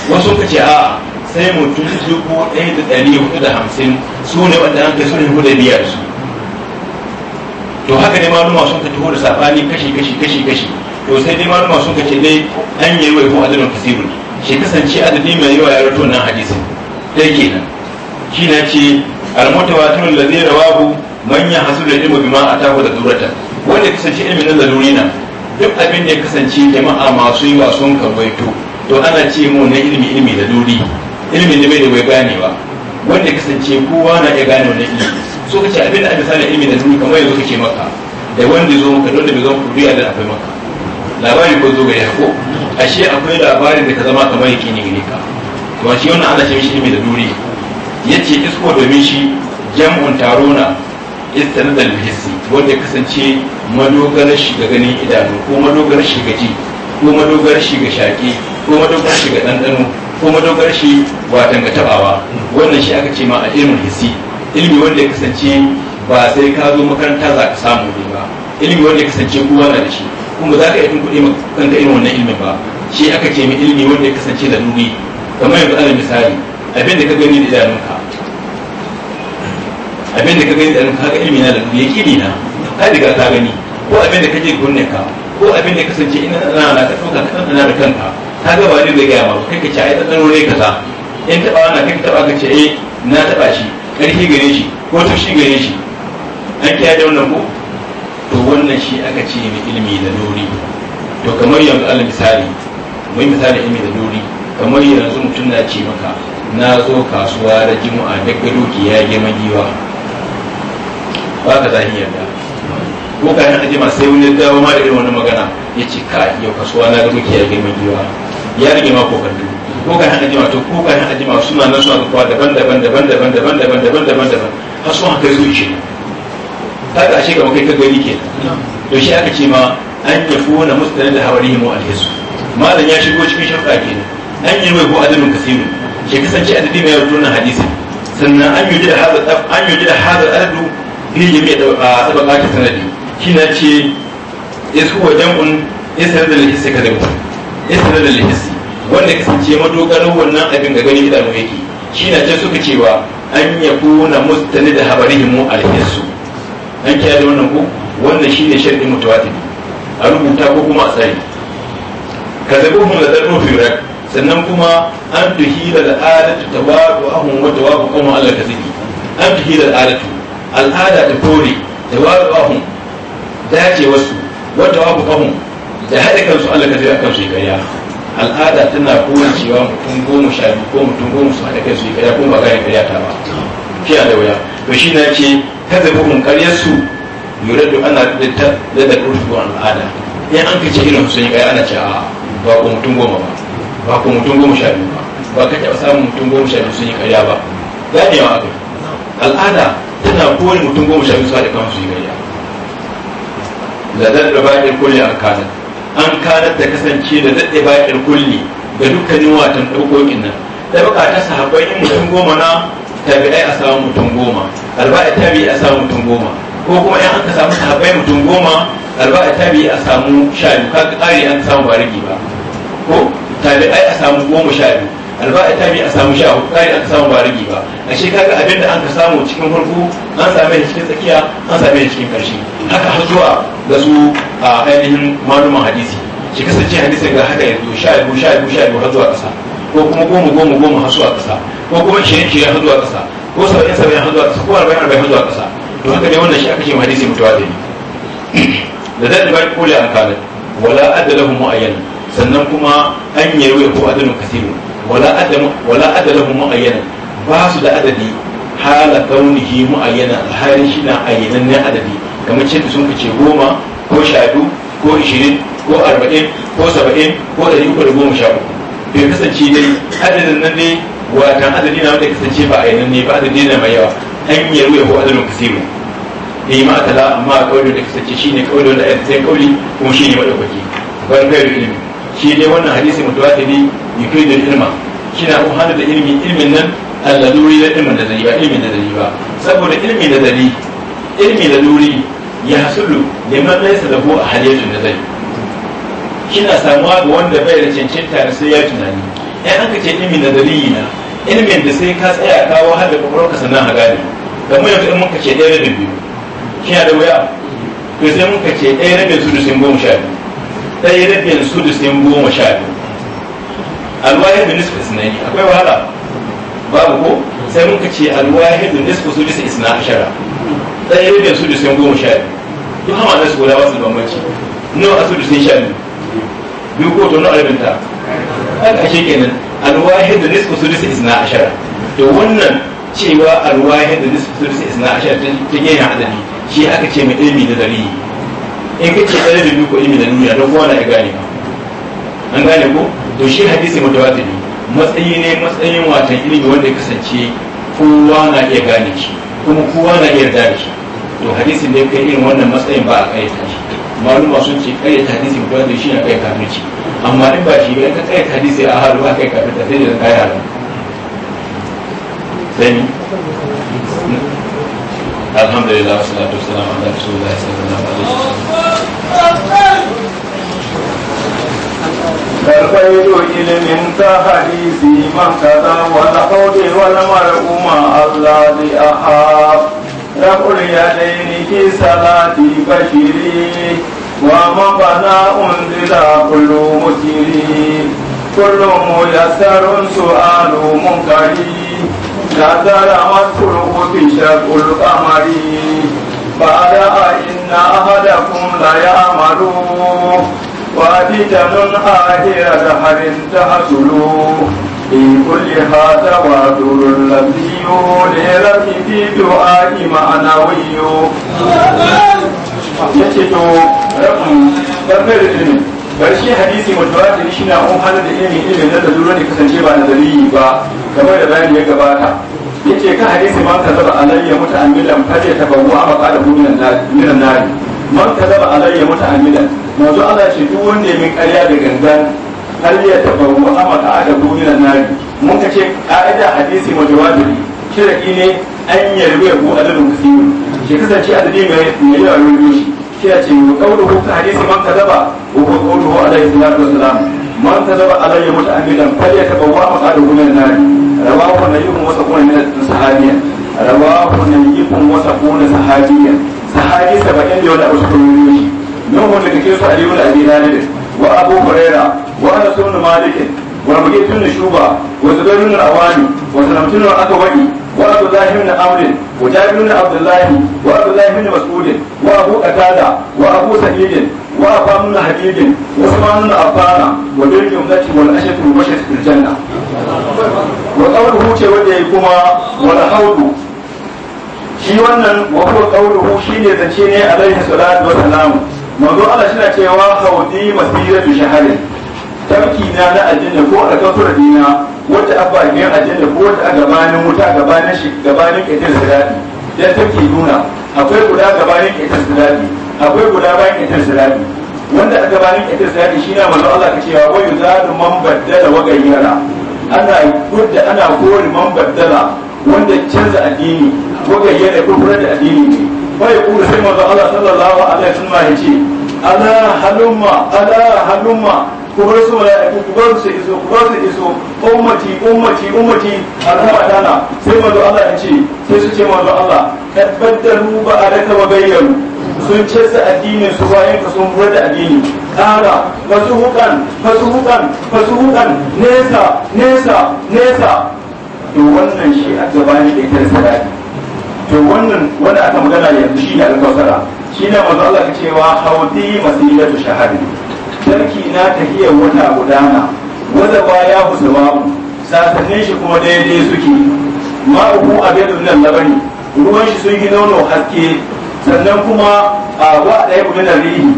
Speaker 1: wa son ka ce a'a sai ma tun tiyo su ne ma ta a su ne fuddayi da su to haka ne ma numa son ka ta hori safari kashi kashi kashi kashi. to sai dai malama sun ka ce dai an yi wai kuma adadin kasiru shi kasance adadi mai yawa ya rato nan hadisi dai kenan shi na ce almutawatir allazi rawahu man da ilmu bima atahu da durata wanda kasance ilmi na zaruri na duk abin da ya kasance jama'a masu yi wa sun karwaito to ana ce mu na ilmi ilmi da duri ilmi ne bai da bai ganewa wanda kasance kowa na iya gane wannan ilmi so kace abin da ake sani ilmi da duri kamar yanzu kace maka da wanda zo maka don da bai zo ku biya da akwai maka labari ko zo ga ko ashe akwai labarin da ka zama kamar ne gare ka kuma shi wannan ana ce shi ilmi da duri yace isko domin shi jam'un tarona istanar da lihisi wanda kasance madogar shi ga ganin idanu ko madogar shi ga ji ko madogar shi ga shaƙi ko madogar shi ga ɗanɗano ko madogar shi watan ga tabawa wannan shi aka ce ma a ilmin hisi ilmi wanda ya kasance ba sai ka zo makaranta za ka samu ne ba ilmi wanda ya kasance kowa na da shi kuma za ka yi tun kuɗi ka irin wannan ilimin ba shi aka ce mai ilimi wanda ya kasance da nuri kamar yanzu ana misali abin da ka gani da idanunka abin da ka gani da idanunka haka ilimi na da nuri yaƙini na ka riga ka gani ko abin da ka je kunne ka ko abin da kasance ina na na ka ɗauka ka ɗanɗana da kanka ka ga wani da gaya ma kai ka ci yi ɗanɗano ne sa in taɓa na kai ka taɓa ka ce eh na taɓa shi ƙarfi gare shi ko tushe gare shi an kiyaye wannan ko to wannan shi aka ce mai ilimi da nuri to kamar yanzu alal misali mai misali ilimi da nuri kamar yanzu mutum na ce maka na zo kasuwa da jimu'a da ki ya gema giwa ba ka zahi yarda ko ka yana jima sai wani dawo ma da irin wani magana ya ce ka yau kasuwa na gado doki ya gema giwa ya rage ma kokardu ko ka yana jima to ko ka yana jima suna nan suna kwa daban daban daban daban daban daban daban daban daban daban daban daban da kaga ashe kamar kai ka gani kenan to shi aka ce ma an yafuna muslimin da hawarihim wa alhisu malam ya shigo cikin shafa kenan an yi mai ko adadin kasiru ke kasance a adadi mai yawan hadisi sannan an yuji da hada daf an yuji da hada adadu bi jami'a da sabaka sanadi shi na ce yasuwa jam'un yasar da ka lihisi kadai yasar da lihisi wanda kasance madogarar wannan abin ga gani idanu yake shi na ce suka cewa an yakuna mustanid habarihim alhisu an kiyaye wannan ko wannan shine sharri mutawatir a rubuta ko kuma a tsari kazabuhum la darru fi rak sannan kuma an tuhila da alatu tawadu ahum wa tawadu kuma Allah ka ziki an tuhila da alatu al'ada da kore tawadu ahum dace wasu wa tawadu ahum da hada kansu Allah ka zai akan su kariya al'ada tana kowane cewa mutum goma sha biyu ko mutum goma su haɗa kai su yi ko ba gane kariya ta ba kiya da wuya to shi na ce kaza su yura yuradu ana da da rufu al'ada in an kace irin su ne kai ana ce a ba ku mutum goma ba ba ku mutum goma sha biyu ba ba ka taɓa samun mutum goma sha biyu sun yi karya ba ganewa aka al'ada tana kowane mutum goma sha biyu su da kansu yi karya da ba bayan kulli an kanar an kanar da kasance da ba bayan kulli ga dukkanin watan ɗaukokin nan da baka ta sahabbai in mutum goma na tabi'ai a samu mutum goma alba'a tabi'i a samu mutum goma ko kuma in an ka samu sahabbai mutum goma alba'a tabi'i a samu sha biyu kaga kare an samu ba rigi ba ko tabi'ai a samu goma sha biyu arba'a tabi'i a samu sha hudu kare an samu ba rigi ba a shi kaga abinda an ka samu cikin farko an same shi cikin tsakiya an same shi cikin karshe haka har zuwa ga su a ainihin malumin hadisi shi kasance hadisin ga haka yanzu sha biyu sha biyu sha biyu har zuwa ƙasa ko kuma goma goma goma hasu a ƙasa ko kuma ishirin ishirin hasu a ƙasa ko saba'in saba'in hasu a ƙasa ko arba'in arba'in hasu a ƙasa to haka ne wannan shi aka ce hadisi mutuwa da zai da bari kole an kare wala adala mu ayyana sannan kuma an ruwa ko adalin kasiru wala adda wala adda mu mu'ayyan ba su da adadi hala kaunihi mu'ayyana halin shi na ayyanan adadi kamar ce sun ce goma ko sha ko ishirin ko arba'in ko saba'in ko ɗari uku da goma sha uku bai kasance dai adadin nan ne wata adadi na wanda kasance ba a nan ne ba adadi na mai yawa hanyar ruwa ko adadin kasiru ne eh, ma ta la amma kawai da kasance shi ne kawai da ya kawai kauli kuma shi ne madaukaki wani kai da ilimi shi ne wannan hadisi ta ne kai da ilma kina uhana da ilimi ilimin nan allaluri da ilimin da zari ba ilimin da zari ba saboda ilimi da zari ilimi da luri ya hasulu liman laysa lahu ahadiyatun nazari Kina samuwa ga wanda bai da cancanta da sai ya tunani ya an ce ilimi na dalili na Ilimin da sai ka tsaya kawo har da kwakwalwarka sannan ha gane da mu yanzu in muka ce ɗaya da biyu kina da wuya to sai muka ce ɗaya rabin sai goma sha biyu ɗaya rabin sai goma sha biyu alwahidu suna yi akwai wahala babu ko sai muka ce alwahidu su sudusin isna ashara ɗaya rabin sai goma sha biyu duk hama na gudawa su wasu bambanci nawa a sudusin sha biyu biyu ko tono alibinta haka ashe kenan alwahid da nisfu sulusi isna ashara to wannan cewa alwahid da nisfu sulusi isna ashara ta gehen adadi shi aka ce mai ilmi da dari in kace ɗari biyu ko ilmi da nuna don kowa na ya gane ba an gane ko to shi hadisi mutawatir matsayi ne matsayin watan ilmi wanda ya kasance kowa na iya gane shi kuma kowa na iya yarda da shi to hadisin da ya kai irin wannan matsayin ba a kai ta shi maluma sun ce kai ta ko mutum da shi na kai kafirci amma in ba shi ba in ka kai hadisi a halu ba kai kafirta sai da kai halu sai ni alhamdulillah wassalatu wassalamu ala rasulillah sallallahu alaihi wasallam الخير علم كحديث من كذا ولا ولا مرء ما الله لأحاب رفع اليدين في صلاة بشري وما بنا أنزل كل مسيري كل ميسر سؤال منكري نزل في شرق القمر بعد إن أحدكم ليعمل من آخر دهر تحصل في كل هذا وعذر الذي ليلة في دعاء معنوي yace to rabin hadisi shi na hana da ilimin ilimin na da ne kasance ba nazari ba kamar da ya gabata yace hadisi a maqala minan nari duk wanda ya min karya da gangan hal a tabawu amaka da duniyan nari mun ka ce ka'ida hadisi mutawatiri shirki ne an yarbu ya bu adadin kasiru ke kasance adadi mai yi yawa yoyo shi shi ya ce mu kawo ko ka hadisi man kadaba ko ko ko alaihi salatu wassalam man kadaba alayhi muta'ammidan fal ya tabawu amaka da duniyan nari rawahu nayyukum kuma sakuna min sahabiyan rawahu nayyukum wa sakuna sahabiyan sahabi 70 da wani abu su koyo shi min wanda kake su aliyu da abi dalil wa abu hurairah وأنا سون مالك ورمجيت بن شوبا وزبير بن الأواني وسلمت بن الأكوعي وعبد الله بن عمرو وجابر بن عبد الله وابو الله بن مسعود وابو اتادا وابو سعيد وابو بن حديد وعثمان بن عفان وبين جملة والاشد والبشر في الجنه وقوله ce wanda ya kuma wani shi wannan wa huwa shi ne zance ne alaihi salatu wa salam manzo Allah shi cewa haudi masiratu shahrin tarki na na aljanna ko alkafura dina wata abba ne aljanna ko wata a gabanin wuta gabanin shi gabanin ƙetar sirari dan take nuna akwai guda gabanin da sirari akwai guda bayan da sirari wanda a gabanin da sirari shi na manzo Allah ka cewa wa yuzadu man baddala wa gayyara ana gudda ana kore man baddala wanda canza addini ko gayyara ko da addini ne bai kuma sai manzo Allah sallallahu alaihi wasallam ya ce ala halumma ala halumma ku bar su mala'iku ku bar su iso ku bar su iso ummati ummati ummati al'umma tana sai manzo Allah ya ce sai su ce manzo Allah tabaddalu ba alaka wa bayyaru sun ce su addini su bayan ka sun buwar da addini kara wasu hukan wasu hukan wasu hukan nesa nesa nesa to wannan shi a gaba ne da ita sarari to wannan wani aka magana yanzu shi ne alkawsara shi ne manzo Allah ya cewa haudi masilatu shahadi tarki na tahiyar wata gudana wanda ba ya husa ku sasannin shi kuma daidai suke uku a biyar nan labari ruwan shi sun yi nono haske sannan kuma a wa ɗaya budunan rihi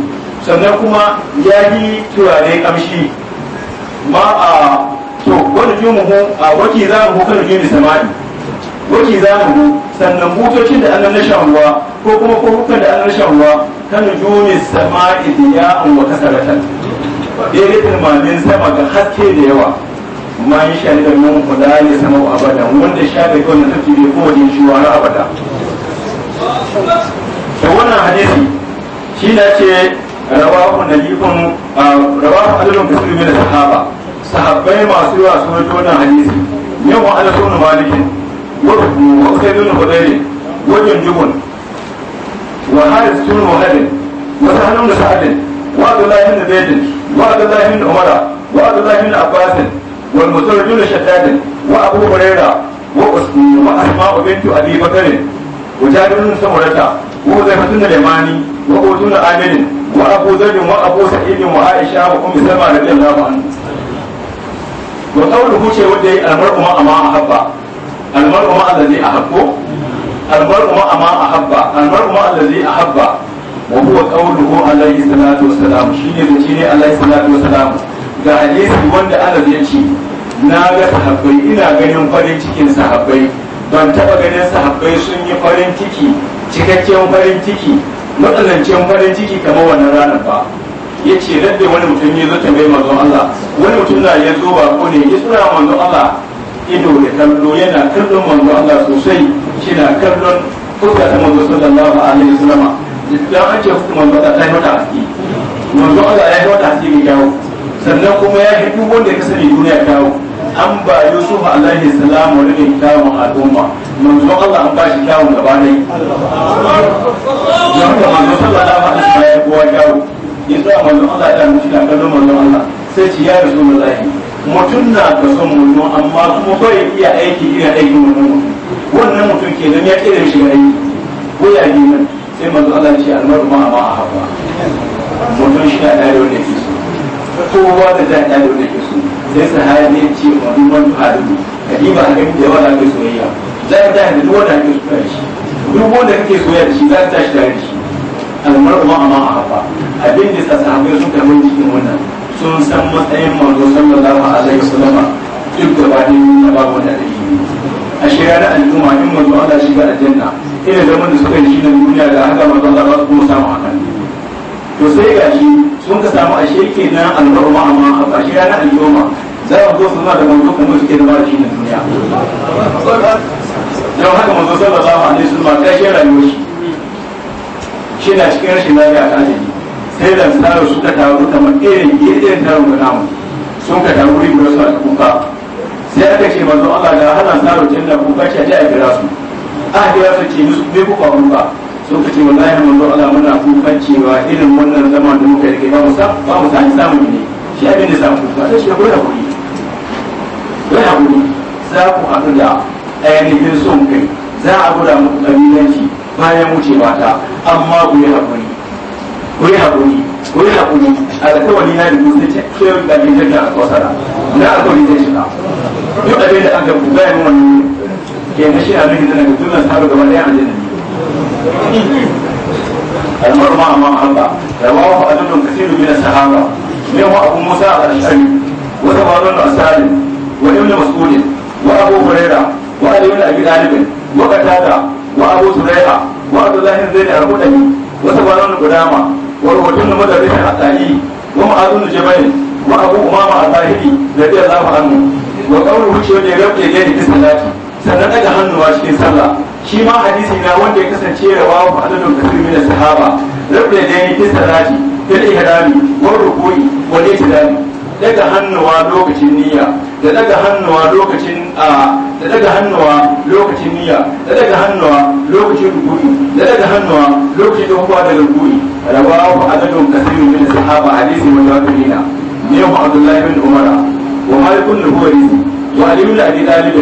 Speaker 1: sannan kuma ya yi turare kamshi ma a to wani mu a waki za mu hukar jini samani waki za mu sannan butocin da an na shan ruwa ko kuma kuka da an na shan ruwa ta nujumi sama'i diya'un wa kasaratan daidai tilmanin sama da haske da yawa man shari da mun kula ne sama wa abada wanda sha da wannan tafi bai kowa ne abada da wannan hadisi shi na ce rawahu najibun rawahu adadun kasirin min sahaba sahabbai masu yawa sun wannan hadisi yau وحارث بن وهب وسهل بن سعد وعبد الله بن زيد وعبد الله بن عمر وعبد الله بن عباس والمطر بن شداد وابو هريره واسماء بنت ابي بكر وجابر بن سمرة وزيفة بن اليماني وقوت بن عامر وابو ذر وابو سعيد وعائشه وام سلمة رضي الله عنه وقوله شيء ودي المرء مع ما احب المرء مع الذي احبه almar'u ma amma ahabba almar'u ma allazi ahabba wa huwa qawluhu alayhi salatu wassalam shine da shine alayhi salatu wassalam ga hadisi wanda Allah ya ce na ga sahabbai ina ganin farin cikin sahabbai ban taba ganin sahabbai sun yi farin ciki cikakken farin ciki matsalancin farin ciki kamar wannan ranar ba ya ce radda wani mutum ya zo mai manzon Allah wani mutum na ya zo ba ko ne ya tsura manzon Allah ido da kallo yana kallon manzon Allah sosai shi na kallon fuska ta manzo sallallahu alaihi wasallama idan an ce hukumar ba ta yi mata haske manzo Allah ya yi mata haske mai kyawu sannan kuma ya yi duk wanda ya sani duniya kyawu an ba Yusuf alaihi salam wani ne kyawun al'umma manzo Allah an ba shi gaba dai manzo sallallahu alaihi ya yanzu a manzo Allah ya damu shi na kallon manzo Allah sai ci ya rasu mutum na ka son mutum amma kuma bai iya aiki ina aikin mutum wannan mutum ke nan ya kira shi aiki ko ya bi nan sai manzo Allah ce almaru ma ma a hawa mutum shi ya dare wanda ke so kowa da ta dare wanda ke so sai sahaya ne ce wa duman hadu kadima ba gani da yawa da ke soyayya zai da da duk wanda ke soyayya shi duk wanda kake soyayya da shi zai tashi ta shi almaru ma ma a hawa abin da sahabi sun kamar jikin wannan sun san matsayin manzo sallallahu alaihi wasallam duk da ba na babu wanda da yi a shirya da al'umma in manzo Allah shi ga aljanna ina da wanda suka yi shi na duniya da haka manzo Allah za su kuma samu kan to sai ga shi sun ka samu a shirke na al'umma amma a shirya da al'umma za a zo suna da manzo kuma suke da shi na duniya don haka manzo sallallahu alaihi wasallam ta shi rayuwar shi shi na cikin rashin lafiya ta ajali sai da tsaro suka taru kamar irin irin tarin da namu sun ka taru ribar su a kuka sai aka ce manzo Allah da halan tsaro janna ku ba ta a kira su a kira su ce musu bai ku faru ba sun ka ce wallahi manzo Allah muna kukan cewa irin wannan zaman da muka rike ba mu sa ba mu sa samu ne shi abin da samu ba sai shi ku da kuri wai kuri za ku haɗu da ainihin son kai za a gura muku kabilanci bayan wucewa ta amma ku yi kuri ku yi kuri. ko yana kuma alkawari na da duk ce ce da ke na alkawari zai shiga duk abin da aka ga buga ya mawa ke na shi a rikin da daga tunan sabu gaba daya a jirgin almar ma amma Allah rawahu adadun kasiru min as-sahaba yawa abu musa al-ashari wa al-salim wa ibn mas'ud wa abu wa ali ibn abi talib wa qatada wa abu wa abdullah zaid al wa qudama والوجن مدى بن عطائي ومعاذ بن جبل وابو امامه الطاهري رضي الله عنه وقوله شيء da rabta yake da salati sannan ɗaga hannuwa cikin sallah shi ma hadisi na wanda ya kasance rawahu adadun kasir min sahaba rabta yake da salati fil ihrami wa ruku'i wa itidali daga hannuwa lokacin niyya da ɗaga hannuwa lokacin a da daga hannuwa lokacin niyya da daga hannuwa lokacin rukuni da daga hannuwa lokacin da dokowa daga rukuni rawahu adadun kasirun min sahaba hadisi mutawattirina ne mu abdullahi bin umara wa malikun nuhuwari wa ali bin abi talib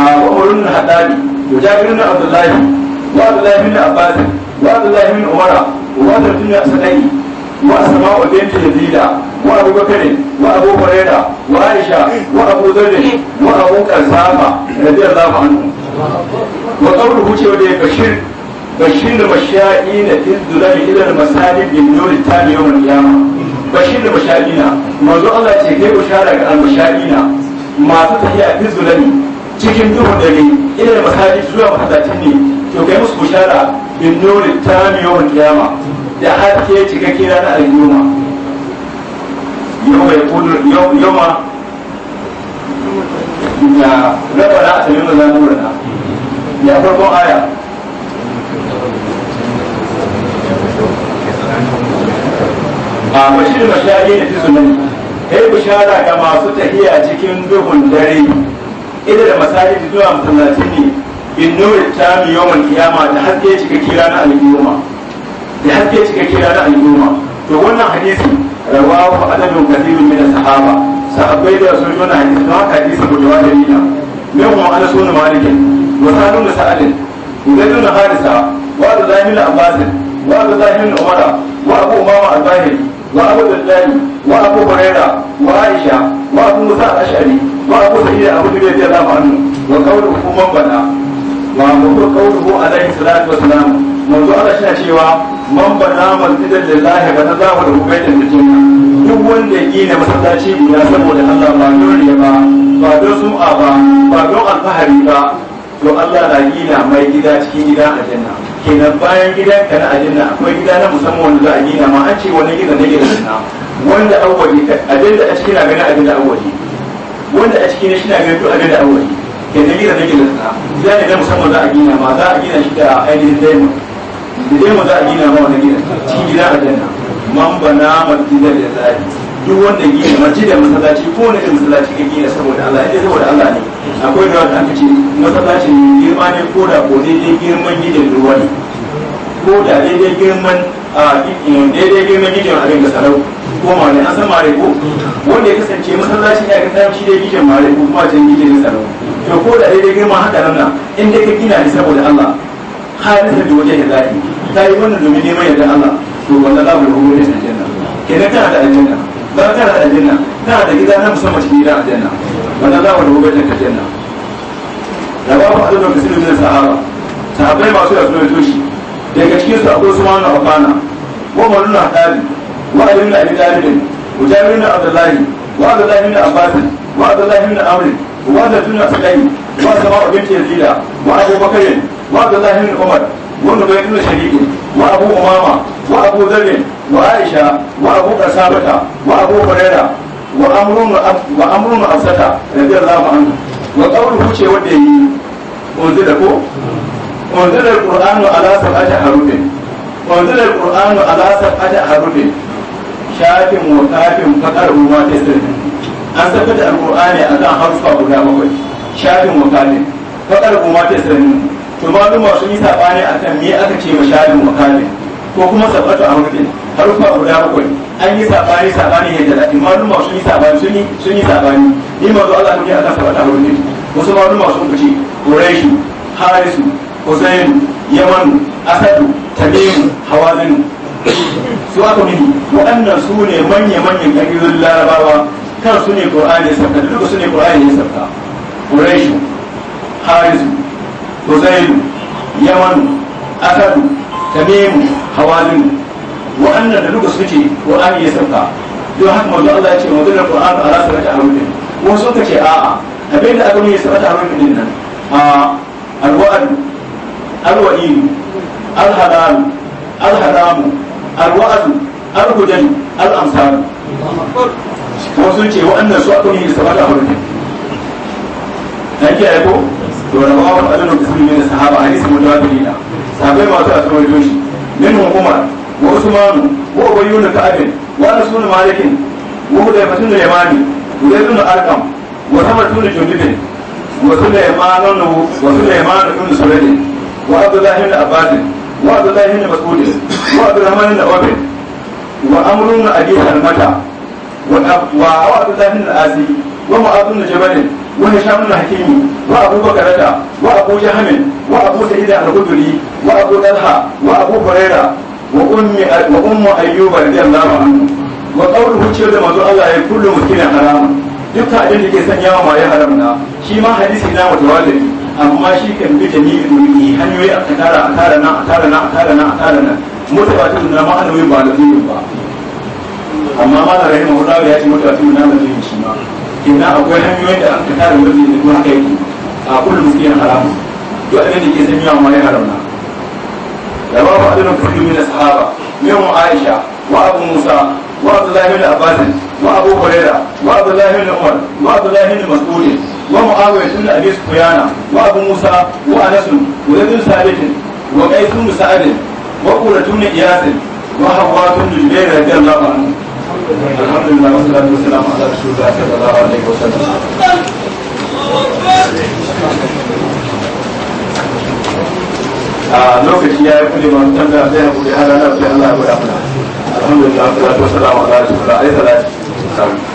Speaker 1: wa umar bin wa jabirun bin abdullahi wa abdullahi bin abbas wa abdullahi bin umara wa wa bin sa'id wa بنت يزيد وأبو بكر وأبو هريرة وعائشة وأبو ذر وأبو كسافة رضي الله عنه وقوله شيء بشير بشير المشائين في الظلال المساجد من نور التالي يوم القيامة bashir da na manzo Allah ce kai bushara ga al-masha'ina masu cikin duhun dare ila masajid zuwa masallaci ne to kai musu bushara bin nuri ta yawon kiyama da haske cikakke da ta aljuma yau mai kudu yau yau ma da rabara a sanin da na ya farko aya a bashir mashayi da fizunan kai bishara ga masu tafiya cikin duhun dare ita da masajid zuwa masallaci ne bin nuri ta miyoman kiyama ta haske cikakke ranar al'umma da haske cika na da al'umma to wannan hadisi rawahu adadun kathirun min sahaba sahabbai da sun yi wannan hadisi don haka hadisi mutawatir ne min wa ana sunu malikin wa sanu da sa'alin ubaydu na harisa wa abu zahir abbas wa abu zahir umara wa abu umama al-bahir wa abu dallali wa abu huraira wa aisha wa abu musa al-ashari wa abu sa'id abu dubayr radiyallahu wa bana wa qawluhu alayhi salatu wa salam manzo Allah shi cewa man ba bana masjidan lillahi bana za mu da ubaidan mutum duk wanda ya gina masallaci guda saboda Allah ba don riya ba ba don sum'a ba ba don alfahari ba to Allah na gina mai gida cikin gida a janna kenan bayan gida ka na aljanna akwai gida na musamman wanda za a gina ma an ce wani gida na gida na wanda awwali abinda a cikin abin abinda awwali wanda a cikin shi na ganin duk abinda awwali kenan gida na gida na gida ne musamman za a gina ma za a gina shi da ainihin diamond idan mu za a gina ma wani gina cikin gida a janna man bana masjidar da zai duk wanda gina masjidar masallaci ko wani irin masallaci ka gina saboda Allah idan eh, saboda Allah ne akwai da wanda aka ce masallacin girma ne ko da ko daidai girman gidan ruwa ne ko da daidai girman a daidai girman gidan abin da sarau ko ma ne an san mare ko wanda ya kasance masallaci ne a kan tafi da gidan mare ko kuma can gidan sarau to ko da daidai girman haka nan in dai ka gina ne saboda Allah halin da waje da zaki ta yi wannan domin neman yadda Allah to wannan abu da hukumar da aljanna kenan tana da aljanna ba tana da aljanna tana da gida na musamman cikin gidan aljanna wannan abu da hukumar da aljanna da ba ku adadin musulmi min sahaba sahabbai masu yasu da toshi daga cikin su akwai su ma'ana afana wa ma'ana hadari wa alim da ali dalilin wa jami'in da abdullahi wa abdullahi da abbasin wa abdullahi da amrin wa da tuna sakai wa sama'u binti yazida wa abubakarin وعبد الله بن عمر والنبي بن شريك وابو امامه وابو ذر وعائشه وابو قسابه وابو هريره وامر بن ابسطه رضي الله عنه وقوله ce wanda yi unzila ko unzila alqur'anu ala sab'ati harufin unzila alqur'anu ala sab'ati harufin shafin wa kafin faqaru ma tasdirin an sabata alqur'ani akan harfa guda bakwai shafin wa kafin faqaru ma tasdirin to maluma sun yi sabani akan me aka ce masharin makamin ko kuma sabatu a hurfin harufa guda bakwai an yi sabani sabani yadda da maluma sun yi sabani sun yi sun yi sabani ni manzo Allah ne akan sabatu a hurfin wasu maluma sun kuce. quraishi harisu husainu yamanu asadu tamimu hawazinu su aka mini waɗannan su ne manya-manyan ƙabilun larabawa kan su ne ƙur'ani ya sauka duka su ne ƙur'ani ya sauka ƙuraishu harisu uzairu yamanu akadu tamimu hawazinu wa'annan da duka suke qur'ani ya sauka don haka Allah ya ce manzo da ala sarati al-mu'min wasu suka ce a'a abin da aka nuna sarati al-mu'min din nan a al-wa'd al-wa'id al-halal al-haram al-wa'd al-hudal al-amsal wasu ce wa'annan su aka nuna sarati al to na wata alal musulmi ne da sahaba hadisi mutawatiri na sahabbai ba su asmar doshi min hukumar wa usmanu wa ubayyu na ka'abin wa rasulun malikin wa hudayfatun da yamani hudayfatun da arkam wa sabatun da jundubin wa sulaimanun wa sulaimanun da sulaidin wa abdullahi da abadin wa abdullahi da masudin wa abdullahi obin wa amrun da abi halmata wa abdullahi da asi wa mu'adun da jabalin wani shamun hakimi wa abu bakarata wa abu jahamin wa abu sa'id al-khudri wa abu talha wa abu huraira wa ummi wa ummu ayyuba radiyallahu anhu wa qawluhu cewa da manzo Allah ya kullu mutkin haram duk abin da ke sanya ma ya haram na shi ma hadisi na mutawatir amma shi kan bi jami'i ne hanyoyi a tara a tara na a tara na a tara na a tara nan mutawatir na ma hanyoyi ba da ba amma ma da rahimahullahu ya ce mutawatir na da shi ma kina akwai hanyoyin da an fita da wani da kuma haka yake a kullum suke yin haramu duk abin da ke san yawan wani haramna da ba babu adadin kullum min sahaba min Aisha wa Abu Musa wa Abdullah ibn Abbas wa Abu Hurairah wa Abdullah ibn Umar wa Abdullah ibn Mas'ud wa Muawiya ibn Abi Sufyan wa Abu Musa wa Anas wa Ibn Sabit wa Qais ibn Sa'd wa Qurratu ibn Iyas wa Hawwa ibn Jubair radiyallahu anhu سلام آدھار کون سن کرتے ہیں اپنا سلام آدار شکار